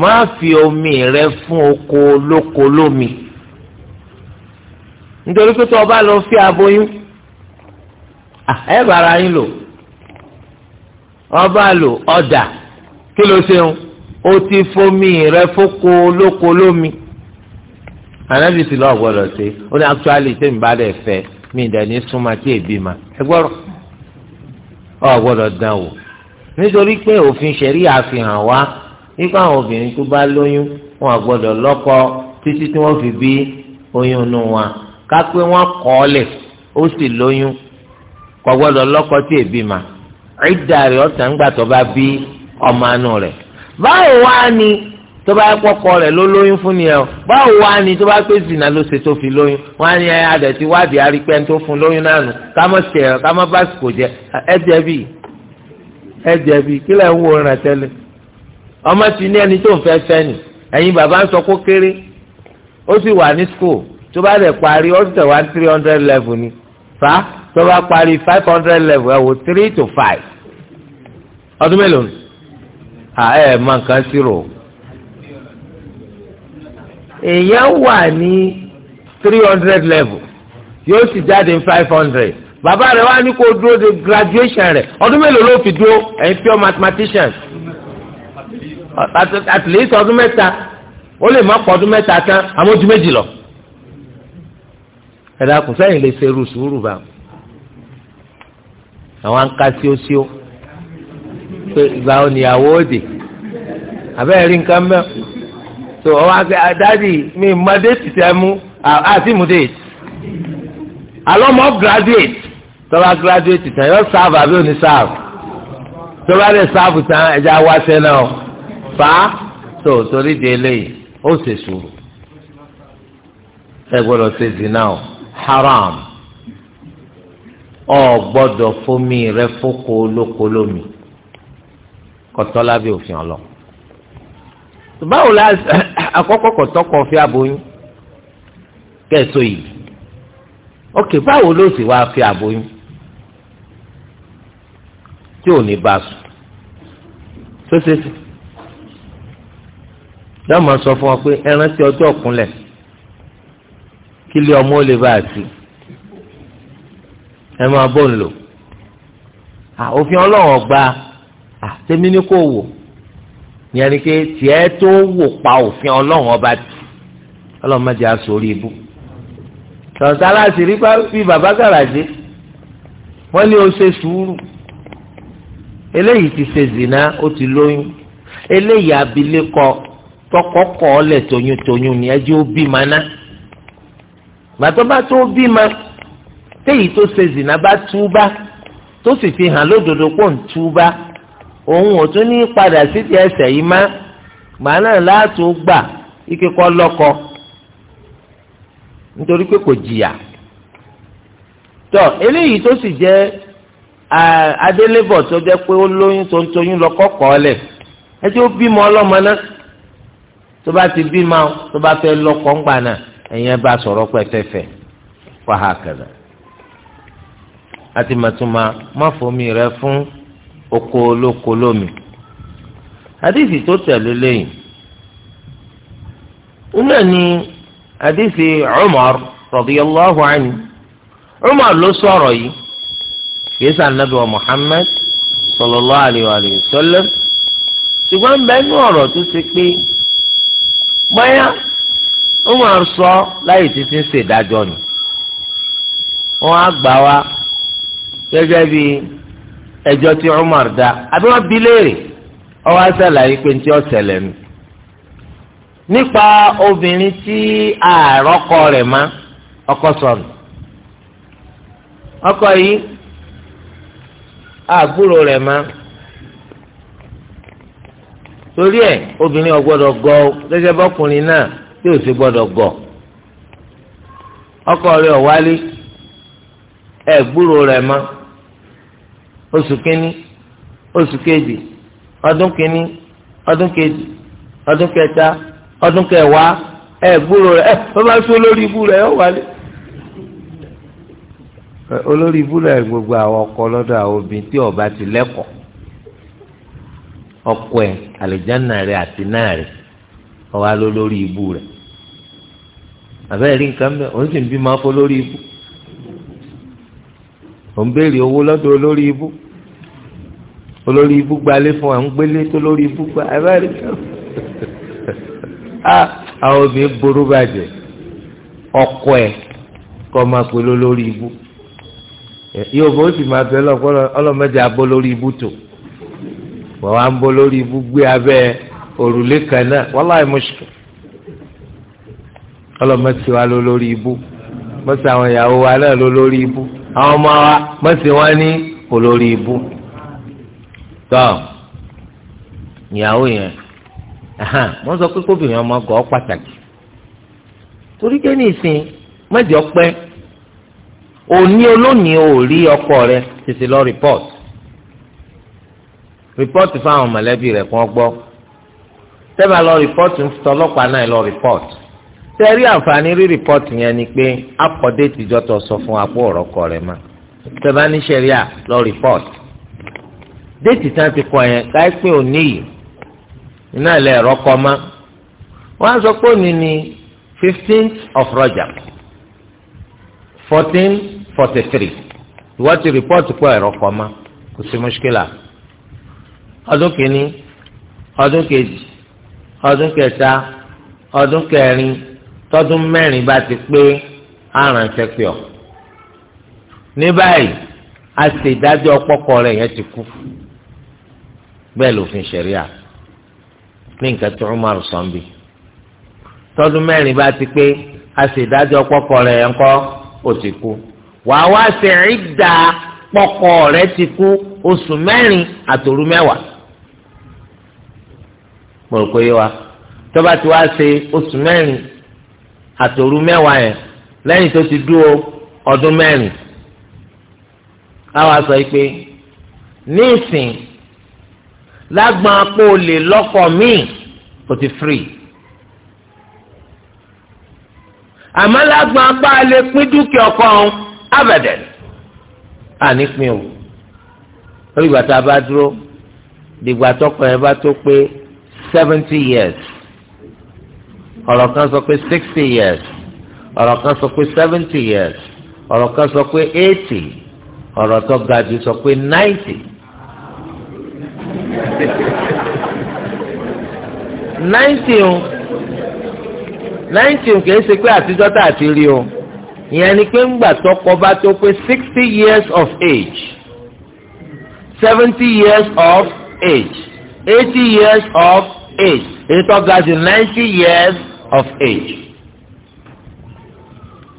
Speaker 1: má fi omi rẹ fún oko olóko lómi nítorí pé tó o bá lọ fi aboyún ah, ẹ bára yín lò ọba lò ọ̀dà kí ló ṣeun ó ti fomi rẹ fóko olóko lómi ànábì sì lọ gbọ́dọ̀ ṣe ó ní actually tèmi bá dẹ fẹ́ mi dẹ ní súnmọ́ tí èbí ma ẹ gbọ́dọ̀ ọ gbọ́dọ̀ dán o nítorí pé òfin ṣẹ̀rí àfihàn wa nípa àwọn obìnrin tó bá lóyún wọn gbọ́dọ̀ lọ́kọ títí tí wọ́n fi bí oyún inú wọn. kápé wọn kọ ọ lẹ ó sì lóyún kò gbọ́dọ̀ lọ́kọ tí ma ìdá ọtàn gbà bí ọmọ rẹ̀ báwo wá ni tó rẹ̀ ló lóyún fún ni báwo wá ni tó bá lóyún wọn ẹ adẹ wádìí arípẹ́ lóyún náà nù kámọ́ ẹ kámọ́ bá jẹ ẹ tẹ́lẹ̀ ọmọ ti ní ẹni tó ń tó bá dẹ̀ parí ó tẹ̀ wá three hundred level ni fa tó bá parí five hundred level ẹ̀ wò three to five ọdún mélòó ni à ẹ̀ máa nǹkan sírò èèyàn wà ní three hundred level yóò sì jáde ní five hundred bàbá rẹ̀ wá ní kó dúró de graduation rẹ̀ ọdún mélòó ló fi dúró ẹ̀yin pure mathematician at least ọdún mẹ́ta ó lè má pọ̀ ọdún mẹ́ta tán àmójú méjì lọ ẹ̀dá kù sẹ́yìn lè ṣe irú sùúrù bá àwọn anka síosíó pé ìgbà wo nìyàwó òde àbẹ́rẹ́ rí nǹkan mẹ́ tó ọwọ́ akẹ́ àdáàdì ah, mi mọ déètì tẹ́ mú àti mú déètì àlọ́ mọ́ graduate tọ́ba graduate tán yọ sáàbù àbí òní sáàbù tọ́ba lè sáàbù tán ẹ̀jẹ̀ awọ́ àṣẹ náà fà á tó torí di eléyìí ó ṣe sùúrù ẹ gbọ́dọ̀ ṣe zina o haram ọ gbọ́dọ̀ fomi rẹ fóko olóko lómi kọtọ lábẹ́ òfin ọlọ báwo la [coughs] àkọ́kọ́ kọtọ kọ fi aboyún kẹsọ yìí ok báwo ló sì wá fi aboyún tí ò ní bá sùn sósèsì dáhùn máa sọ fún wa pé ẹran tí ọjọ́ kúnlẹ̀ kí lé ọmọ ó lè bá a sí ẹ máa bọ̀ ń lò òfin ọlọ́run ọgbà àtẹ́mí ní kò wò yẹn ni pé tiẹ́ tó wò pa òfin ọlọ́run ọba tì ọlọ́run má jẹ́ àsórí ibú tọ̀tà láti rí bí bàbá gàràjé wọ́n ní o ṣe sùúrù eléyìí ti ṣe zìnà ó ti lóyún eléyìí abilékọ tọkọkọ ọlẹ toyuntoyun ni ẹjẹ ó bí maná gbàtọ́ bá tó bímọ téyì tó ṣe zìnà bá túbá tó sì fi hàn lódodo pò ń túbá òun ò tún ní padà sí ti ẹsẹ̀ yìí má gbà náà láàtò gbà ike kọ́ lọ́kọ nítorí pé kò jìyà tọ eléyìí tó sì jẹ́ adélébọ̀ tó jẹ́ pé ó lóyún tó ń toyún lọ kọ́kọ́ lẹ̀ ẹ tí ó bímọ ọlọ́mọ náà tó bá ti bímọ tó bá fẹ́ lọ́kọ ńgbà náà ẹ̀yin ẹ bá sọ̀rọ̀ pẹ́fẹ́fẹ́ wàhà kẹlẹ̀ àti màtúmá má fomi rẹ fún oko olóko lómi àdìsí tó tẹ̀lé lẹ́yìn ni àdìsí Umar radiyallahu anhu Umar ló sọ̀rọ̀ yìí kìí sànàbí wa Muhammad sallallahu alayhi alayhi ṣùgbọ́n bẹ́ẹ̀ ní ọ̀rọ̀ tó Umar sọ láyé títí ń ṣèdájọ́ ni wọ́n á gbà wá gẹ́gẹ́ bí ẹjọ́ tí Umar dá àbí wọ́n bi léèrè ọwọ́ àṣàlàyé pé ntí ọ̀sẹ̀lẹ̀ nu nípa obìnrin tí àárọ̀kọ rẹ̀ má ọkọ sọnù ọkọ yìí àbúrò rẹ̀ má torí ẹ̀ obìnrin ò gbọ́dọ̀ gọ̀ ọ́ gẹ́gẹ́ bọ́kùnrin náà bí o sì ọkọ rẹ ẹ rẹ mọ́ oṣù kínní oṣù kejì ọdún kínní ọdún kejì ọdún kẹta ọdún kẹwàá ẹ rẹ ẹ bá bá sọ ibú rẹ olórí ibú rẹ gbogbo àwọn ọkọ lọ́dọ̀ àwọn obìnrin tí ọba ti ọkọ ẹ àlùjáná rẹ àti náà rẹ rẹ àbẹ́rẹ́ rí nǹkan mẹ́ òun sì ń bí máa fọ́ lórí ibú òun béèrè owó lọ́dọ̀ olórí ibú olórí ibú gbalé fún wa ń gbélé tó lórí ibú gba àbẹ́rẹ́ rí nǹkan [laughs] ah, àwọn obìnrin ború bàjẹ́ ọkọ ẹ̀ kọ́ máa pè lórí ibú yóò bó sì máa bẹ lọ́pọ̀lọ́ ọlọ́mọdé abó lórí ibú tó wọ́n wá ń bó lórí ibú gbé abẹ́ òrùlé kan náà wọ́n láì mọ̀ṣùkù ọlọmọsí wa ló lórí ibú mọsí àwọn ìyàwó wa náà ló lórí ibú àwọn ọmọ wa mọsí wọn ní olórí ibú tọ ìyàwó yẹn wọn sọ pé kóbìnrin ọmọ gọ pàtàkì torí ké ní ìsìn mẹjọ pẹ òní olónìí ò rí ọkọ rẹ tètè lọ rìpọt rìpọt fáwọn mọ̀lẹ́bí rẹ kàn gbọ́ tẹ́bà lọ rìpọ́tù ń tọ́lọ́pàá náà lọ rìpọ́tù sẹ́rí àǹfààní rí rìpọ́tì yẹn ni pé akọ̀dé tìjọ́ tó sọ fún apó ọ̀rọ̀ kọ rẹ̀ mọ́ tẹ̀bá ní sẹ́ríà lọ rìpọ́tì déètì tán ti kọ yẹn káyé pé òní yìí iná ilẹ̀ ẹ̀rọ kọ mọ́ wọ́n á sọ pé òní ni fifteenth of Roger, fourteen forty three ìwọ́n ti rìpọ́tì pọ̀ ẹ̀rọ kọ mọ́ kò sí mọ́ṣíkìlà ọdún kìíní ọdún kejì ọdún kẹta ọdún kẹrin tọdún mẹ́rin bá ti pé àránṣẹ́ pé ọ ní báyìí a ṣe ìdájọ́ pọ́kọ rẹ̀ yẹn ti kú bẹ́ẹ̀ lòfin ṣẹ̀ríà ní nǹkan tí Umar sọ́nbi tọdún mẹ́rin bá ti pé a ṣe ìdájọ́ pọ́kọ rẹ̀ yẹn kọ́ ó ti kú wàá wá ṣe ìdá pọ́kọ rẹ̀ ti kú oṣù mẹ́rin àtòru mẹ́wàá mo rò pé yé wa tó bá ti wá ṣe oṣù mẹ́rin àtòru mẹ́wàá yẹn lẹ́yìn tó ti dúró ọdún mẹ́rin àwa sọ pé nísìn lágbọn apò lè lọ́kọ míì kò ti free àmọ́ lágbọn apá lè pín dúkìá ọkọ ọ̀hún abẹ̀dẹ̀ ànípin o lórí ìgbà tá a bá dúró dìgbà tọkọ yẹn bá tó pé seventy years ọ̀rọ̀ kan sọ pé sixty years ọ̀rọ̀ kan sọ pé seventy years ọ̀rọ̀ kan sọ pé eighty ọ̀rọ̀ tó ga jù sọ pé ninety ninety o ninety o kìí ṣe pé àtijọ́ tá a ti rí o ìyẹn ni pé ńgbà tọkọ bá tó pé sixty years of age seventy years of age eighty years of age èyí tó ga jù ninety years of age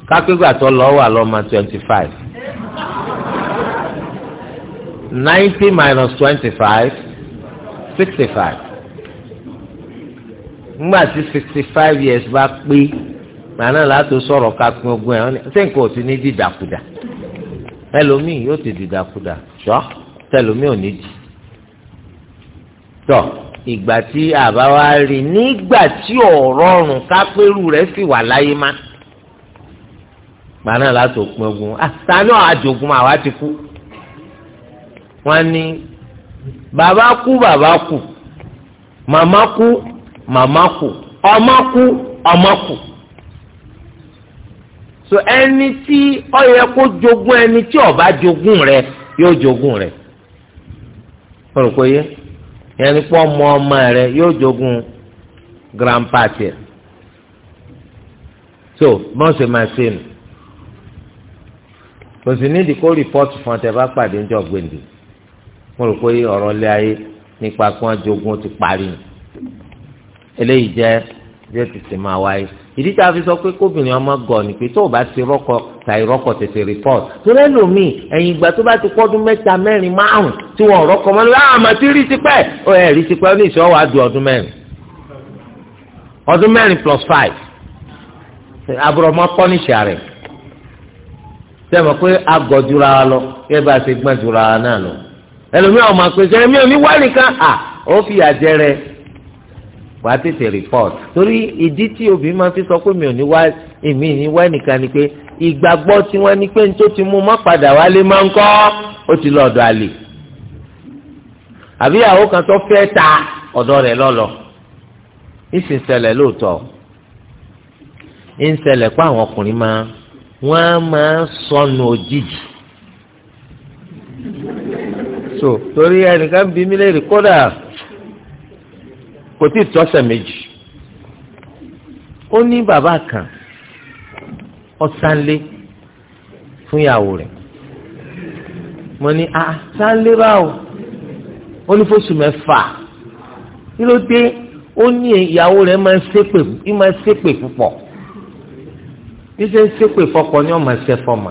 Speaker 1: kápẹ́gbà tó lọ wà lọ́mọ twenty five ninety minus twenty five sixty five ńgbà tí sixty five years bá pé màánà látò sọ̀rọ̀ kápẹ́ ogún ẹ̀ ṣé nǹkan ò ti ní dìdàkudà ẹlòmíì yóò ti dìdàkudà ṣọ́ tẹlòmíì ò ní jì tọ́. So, ìgbà tí àbá wa rí nígbà tí ọ̀rọ̀ ọ̀rùn kápẹ́rù rẹ̀ sì wà láyé má gbaná láti òpin ogun àtàní ah, àjogún àwa ti kú wọ́n ní bàbá kú bàbá kú màmá kú màmá kú ọmọ kú ọmọ kú so ẹni tí ó yẹ kó jogún ẹni tí ó jogún rẹ̀ yóò jogún rẹ̀. Olùkọ́ yẹ yẹn ni pọ́ mọ ọmọ rẹ yóò jogún grandpa tiẹ̀ so bọ́n ṣe máa ṣe nù kò sì ní ìdíkó rìpọ́tù fún ọtẹ bá pàdé ńjọ gbèndé mo rò pé ọ̀rọ̀ lé ayé nípa kí wọ́n jogún ti parí eléyìí jẹ́ bí ó máa wáyé ìdí tá a fi sọ pé kóbìnrin ọmọ gọ̀ ni pé tó o bá ti rọ́kọ tàì rọ́kọ tètè rìpọ́t torí ẹlòmíì ẹ̀yìn ìgbà tó bá ti pọ́dún mẹ́ta mẹ́rin márùn tí wọ́n rọ́kọ mọ́ lọ́wọ́ ah, àmọ́ tí rí tipẹ́ ọ ẹ̀ rí tipẹ́ ní ìṣọ́ wa du ọdún mẹ́rin ọdún mẹ́rin plus five aburọ̀mọ́ pọ́nìṣì rẹ̀ sẹ́mi pé agọ̀ jura wa lọ kí ẹ bá ti gbọ́n jura wa náà lọ ẹlòmíì ọmọ àpèjẹ mi ò ní wá wà á tètè report torí ìdí tí obìnrin máa fi sọ pé mi ò ní wá èmi ní wá ẹnìkan ni pé ìgbàgbọ́ tí wọ́n ní pé ní tó ti mú má padà wálé máa ń kọ́ ó ti lọ ọ̀dọ̀ àlè àbí ìyàwó kan tó fẹ́ ta ọ̀dọ̀ rẹ̀ lọ́lọ́ ìsìnṣẹlẹ̀ lóòótọ́ ìṣẹlẹ̀ pé àwọn ọkùnrin máa wọ́n á máa sọnù òjijì so torí ẹnìkan bí mi lè rí kódà kò tí ì tọ́sẹ̀ méjì ó ní bàbá kan ọ̀sánlé fún ìyàwó rẹ̀ mo ní a ah, sánlé báwo ó ní fóṣù mẹ́fà kí ló dé ó ní ìyàwó rẹ̀ máa ń ṣépè í máa ń ṣépè púpọ̀ bí ṣe ń ṣépè fọkọ ni ọmọ ẹsẹ fọmọ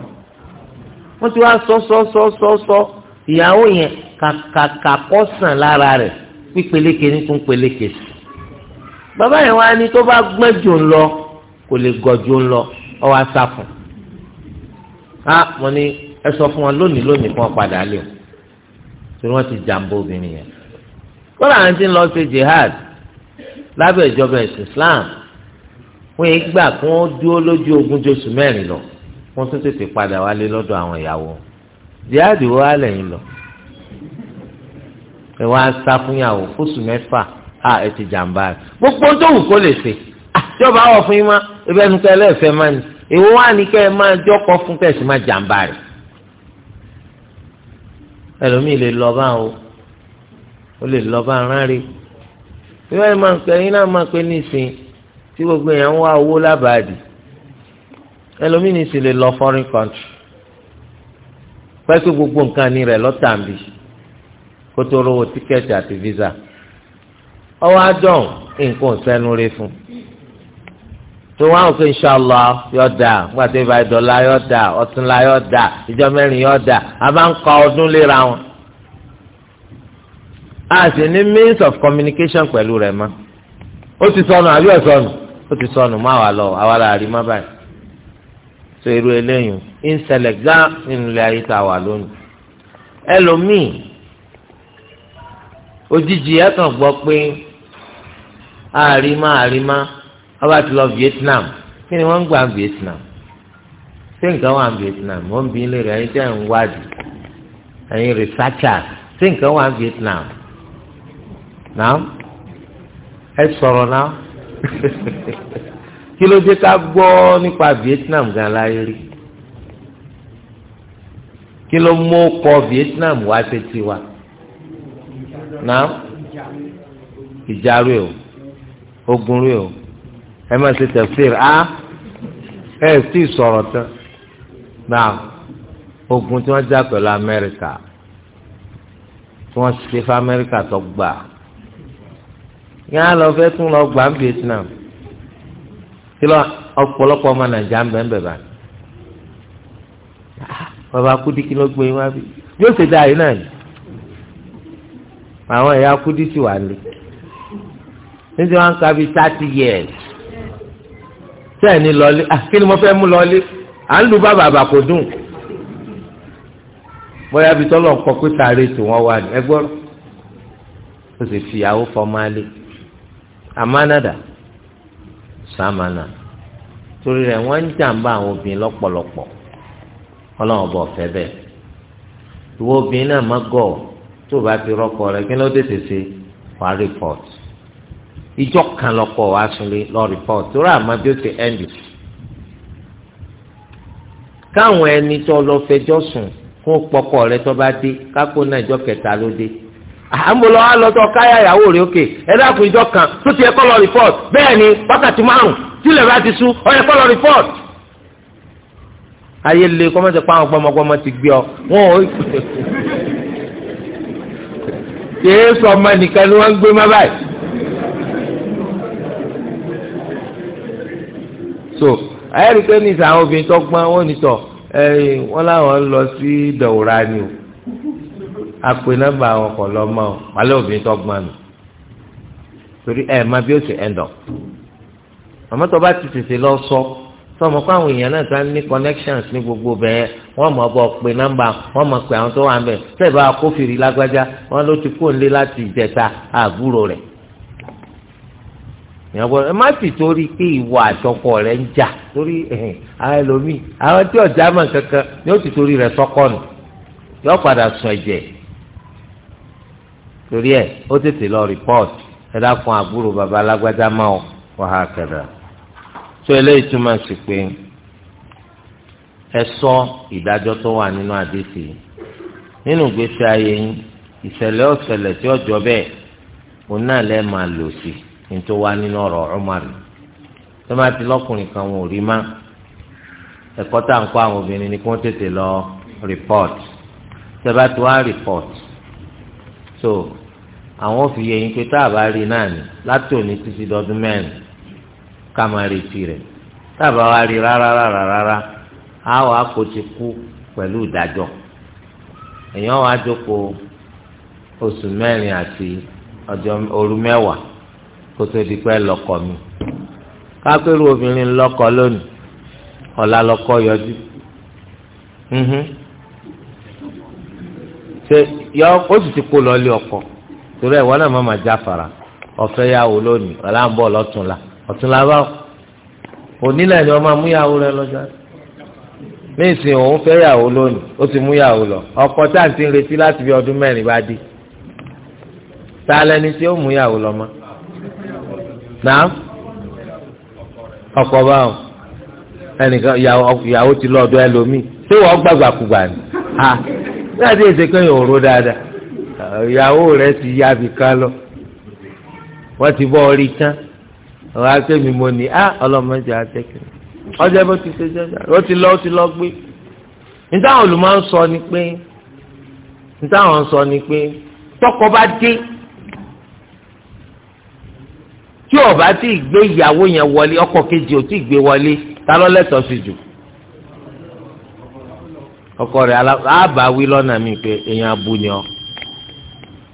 Speaker 1: wọ́n ti wá sọ sọ sọ sọ sọ ìyàwó yẹn kàkàkọ́ sàn lára rẹ̀ pípeléke ní tún peléke sí bàbá yẹn wá ní tó bá gbọ́n jù ń lọ kò lè gọ̀ jù ń lọ ọwọ́ asáfún á mo ní ẹ sọ fún wọn lónìí lónìí fún wọn padà lé o torí wọn ti jàǹbó obìnrin yẹn kódà àwọn tí ń lọ ṣe jihad lábẹ́ ìjọba ẹ̀sìn Islam wọ́n yìí gbà kí wọ́n dúró lójú ogun josù mẹ́rin lọ wọ́n tún tètè padà wálé lọ́dọ̀ àwọn ìyàwó jihad wo á lẹ́yìn lọ ẹ wá sá fún yàwó fóṣù mẹ́fà à ẹ ti jàǹbá rẹ̀ gbogbo tó wù kó lè ṣe àjọba wọ̀ fún yín má ebi ẹnu kẹ lẹ́ẹ̀fẹ́ má ni èwo wà ní kẹ́ ẹ máa jọ́kọ fún kẹ́ ẹ sì má jàǹbá rẹ̀ ẹlòmíì lè lọ bá o ó lè lọ bá ránre bí wọ́n máa ń pẹ́ yín náà máa pẹ́ nísìn tí gbogbo èèyàn ń wá owó lábàádì ẹlòmíì nísìn lè lọ foreign country pẹ́ pé gbogbo nǹkan ní rẹ̀ lọ́tàǹbì kó tó rówó tíkẹ́ẹ̀tì àti físà ọwọ́ àdán nǹkan sẹ́nu rí fún tó wọn àwọn òfin ṣàlọ yọ da gbàtẹ́ ìbá ìdọ̀la yọ da ọ̀túnla yọ da ìjọ mẹ́rin yọ da a máa ń kọ ọdún léra wọn a sì ní means of communication pẹ̀lú rẹ̀ mọ́ ó ti sọnù àbí ẹ̀ sọnù ó ti sọnù má wà lọ àwa là rí má báyìí so irú eléyìí ń ṣẹlẹ̀ gán nínú ilé ayé tá a wà lónìí ẹlòmíì òjijì ẹ kàn gbọ́ pé àrímá àrímá ọba ti lọ Vietnam kí ni wọ́n ń gbà Vietnam ṣé nǹkan wà Vietnam wọ́n ń bí ilé rẹ̀ ẹ̀yin tẹ́ ń wádìí ẹ̀yin researchers ṣé nǹkan wà Vietnam náà ẹ sọ̀rọ̀ náà [laughs] kí ló dé ká gbọ́ nípa Vietnam gan láyé rí kí ló mú kọ Vietnam wá ṣe tiwa náà ìjà rẹ o ogun rẹ o ẹ máa ṣe tẹ̀síìr á ẹ sì sọ̀rọ̀ tán náà ogun tí wọ́n já pẹ̀lú amẹ́ríkà tí wọ́n ṣe fún amẹ́ríkà tó gbà yẹn á lọ fẹ́ tún lọ gbà ní Vietnam kí lọ ọ̀pọ̀lọpọ̀ ọmọ nàìjíríà ń bẹ̀ ń bẹ̀ báyìí ah, bàbá kúdí ló gbé wá bí yóò ṣe dáa yìí náà yìí àwọn ẹ̀yà kúdí sì wà lé níbi wọn kà bíi thirty years sẹ́ẹ̀ni lọ́lé kí ni mo fẹ́ mú lọ́lé à ń lu bá bàbà kò dùn bóyá bíi tọ́lọ̀ ń kọ pé tààrí tí wọ́n wà ní ẹgbọ́n ó sì fi ìyàwó fọmálé àmánàdà sàmánà torí rẹ̀ wọ́n ń jàǹbá àwọn obìnrin lọ́pọ̀lọpọ̀ ọlọ́run ọba ọ̀fẹ́ bẹ́ẹ̀ ìwọ obìnrin náà má gọ̀ tó bá ti rọ́pò rẹ kí ló dé tètè wá rìpọ́t ìjọ kan lọ́pọ̀ wá sunlé lọ rìpọ́t tó rà má bí ó ti ẹ̀ǹdì. káwọn ẹni tó lọ fẹjọ́ sùn fún pọkọ rẹ tó bá dé kápó náà ìjọ kẹta ló dé àmúlò wa lọ tọ káyà ìyàwó rẹ òkè ẹ dákun ìjọ kan tó ti ẹkọ lọ rìpọt bẹ́ẹ̀ ni wákàtí márùn tílẹ̀ bá ti sú ọ ẹkọ lọ rìpọt. ayé le kọ́mọ́sẹ̀ pa gbọmọgbọmọ ti gbé ọ wọn ò kìí sọ ọmọ nìkan ni wọ́n ń gbé má báyìí. so ayélujára ní sàn àwọn obìnrin tó gbọ́n wọ́n ní sọ wọ́n láwọn lọ sí dọ̀wúrà ni o àpè nọ́mbà àwọn kọ̀ lọ́mọ o wàlẹ́ obìnrin tó gbọ́n mi torí ẹ̀ máa bí ó ṣe ẹ̀ ń dọ̀ àmọ́ tó bá ti tètè lọ sọ. So, sọmọ kó àwọn èèyàn náà tó ní connections ní gbogbo bẹ́ẹ̀ wọ́n mọ̀ bọ́ pé nọ́mbà wọ́n mọ̀ pé àwọn tó wà ń bẹ̀ kófìrí lágbájá wọ́n ló ti kó nílé láti ìjẹta àbúrò rẹ̀. ẹ má sì torí pé ìwà ń jà torí ẹlòmíì àwọn tí mọ̀ ni ó ti torí yóò padà tó eléyìí túmọ̀ sí pé ẹ sọ ìdájọ́ tó wà nínú àdéhìí nínú ìgbésí ayé yín ìṣẹ̀lẹ̀ ọ̀ṣẹ̀lẹ̀ tí ọjọ́ bẹ́ẹ̀ òun náà lẹ́ máa lò sí ní tó wà nínú ọ̀rọ̀ ọmọrì tó máa ti lọ́kùnrin kan wọn ò rí má ẹ̀kọ́ tá à ń kọ́ àwọn obìnrin ni kí wọ́n tètè lọ rìpọ́t tẹ́ bá ti wá rìpọ́t so àwọn ò fi yẹ yín pé tá a bá rí náà ní látòní títí dọdún mẹ́rin ká máa retí rẹ̀ tábà wá rí rárá rárá rárá á wàá kó ti kú pẹ̀lú ìdájọ́ èèyàn wàá jókòó oṣù mẹ́rin àti ọjọ́ òru mẹ́wàá kó tó di pé lọ́kọ mi kápẹ́rù obìnrin lọ́kọ lónìí ọ̀la lọ́kọ yọjú ṣe yọ ó ti kó ọkọ torí ẹ̀ wọ́n náà má má jáfara ọ̀fẹ́ yà wò lónìí ọ̀la ń bọ̀ la. ọ̀tún làbá onílẹ̀ ni wọ́n máa mú yàwó rẹ lọ́jọ́ nísìnyí òun fẹ́ yàwó lónìí ó ti mú yàwó lọ ọkọ tá à ń ti ń retí láti fi ọdún mẹ́rin bá dé ta lẹni tí ó mú yàwó lọ mọ́ náà ọkọ báwọn ẹnìkan yàwó ti lọ ọ̀dọ̀ ẹlòmíì tí wọ́n gbàgbà kùgbà ni ha láti èsè kan yóò ró dáadáa ìyàwó rẹ ti yá abìkan lọ wọ́n ti bọ́ ọ rí tán ọ̀rọ̀ àgbẹ̀ mi mo ní ah ọlọ́mọdé àtẹ́kẹ́ ọjọ́ bó ti ṣe jẹ́jà ó ti lọ ó ti lọ gbé níta àwọn olùmọ̀ ń sọ ni pé níta sọ ni pé tọkọ bá dé tí ọba gbé ìyàwó yẹn wọlé ọkọ kejì ò tí gbé wọlé ta sí jù ọkọ mi pé èèyàn abu ni ọ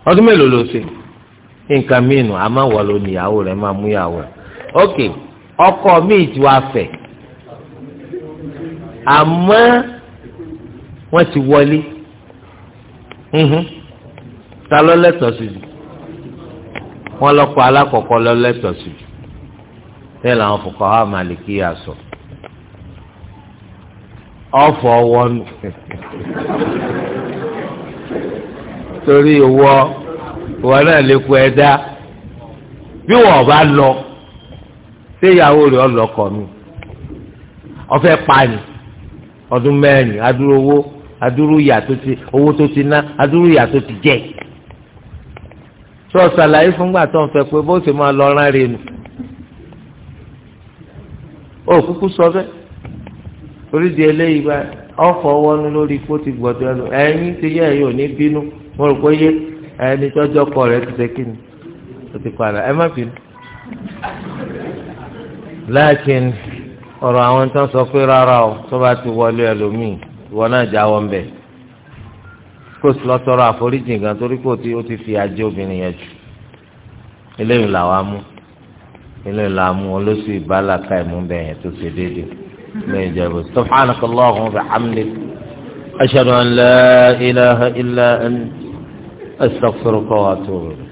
Speaker 1: ọdún mélòó ló ṣe nǹkan mìíràn máa mú ìyàwó ok ọkọ mi ti wá fẹ́ àmọ́ wọ́n ti wọlé ta ló lẹ́tọ̀ọ́ sí ju wọ́n lọkọ alákọọkọ lọ lẹ́tọ̀ọ́ sí ju bẹ́ẹ̀ làwọn fòkàn hà màlìkì yà sọ ọfọ wọnú torí ìwọ ìwọ náà lè kú ẹ dá bí wọ́n bá lọ. ṣé ìyàwó rẹ̀ ọlọ́kọ mi ọ̀fẹ́ pani ọdún mẹ́rin adúrú owó adúrú ìyà tó ti owó tó ti ná adúrú ìyà tó ti jẹ sọ ṣàlàyé fúngbà tó ń fẹ pé bó ṣe máa lọ rán rẹ̀ nù ó kúkú sọ orí di lákin ọ̀rọ̀ àwọn tó ń sọ pé rárá o tó bá ti wọlé ẹlòmíì ìwọ náà jáwọ́ ń bẹ̀ kó sì lọ tọrọ àforíjì gan torí kò tí ó ti fi ajé obìnrin yẹn jù eléyìí làwa mú eléyìí làwa mú olóṣù ìbálàkà ìmú bẹ́ẹ̀ yẹn tó ṣe déédéé lẹ́yìn ìjẹ́bù subhanaka Allahumma wa bihamdik ashhadu an la ilaha illa anta astaghfiruka wa atubu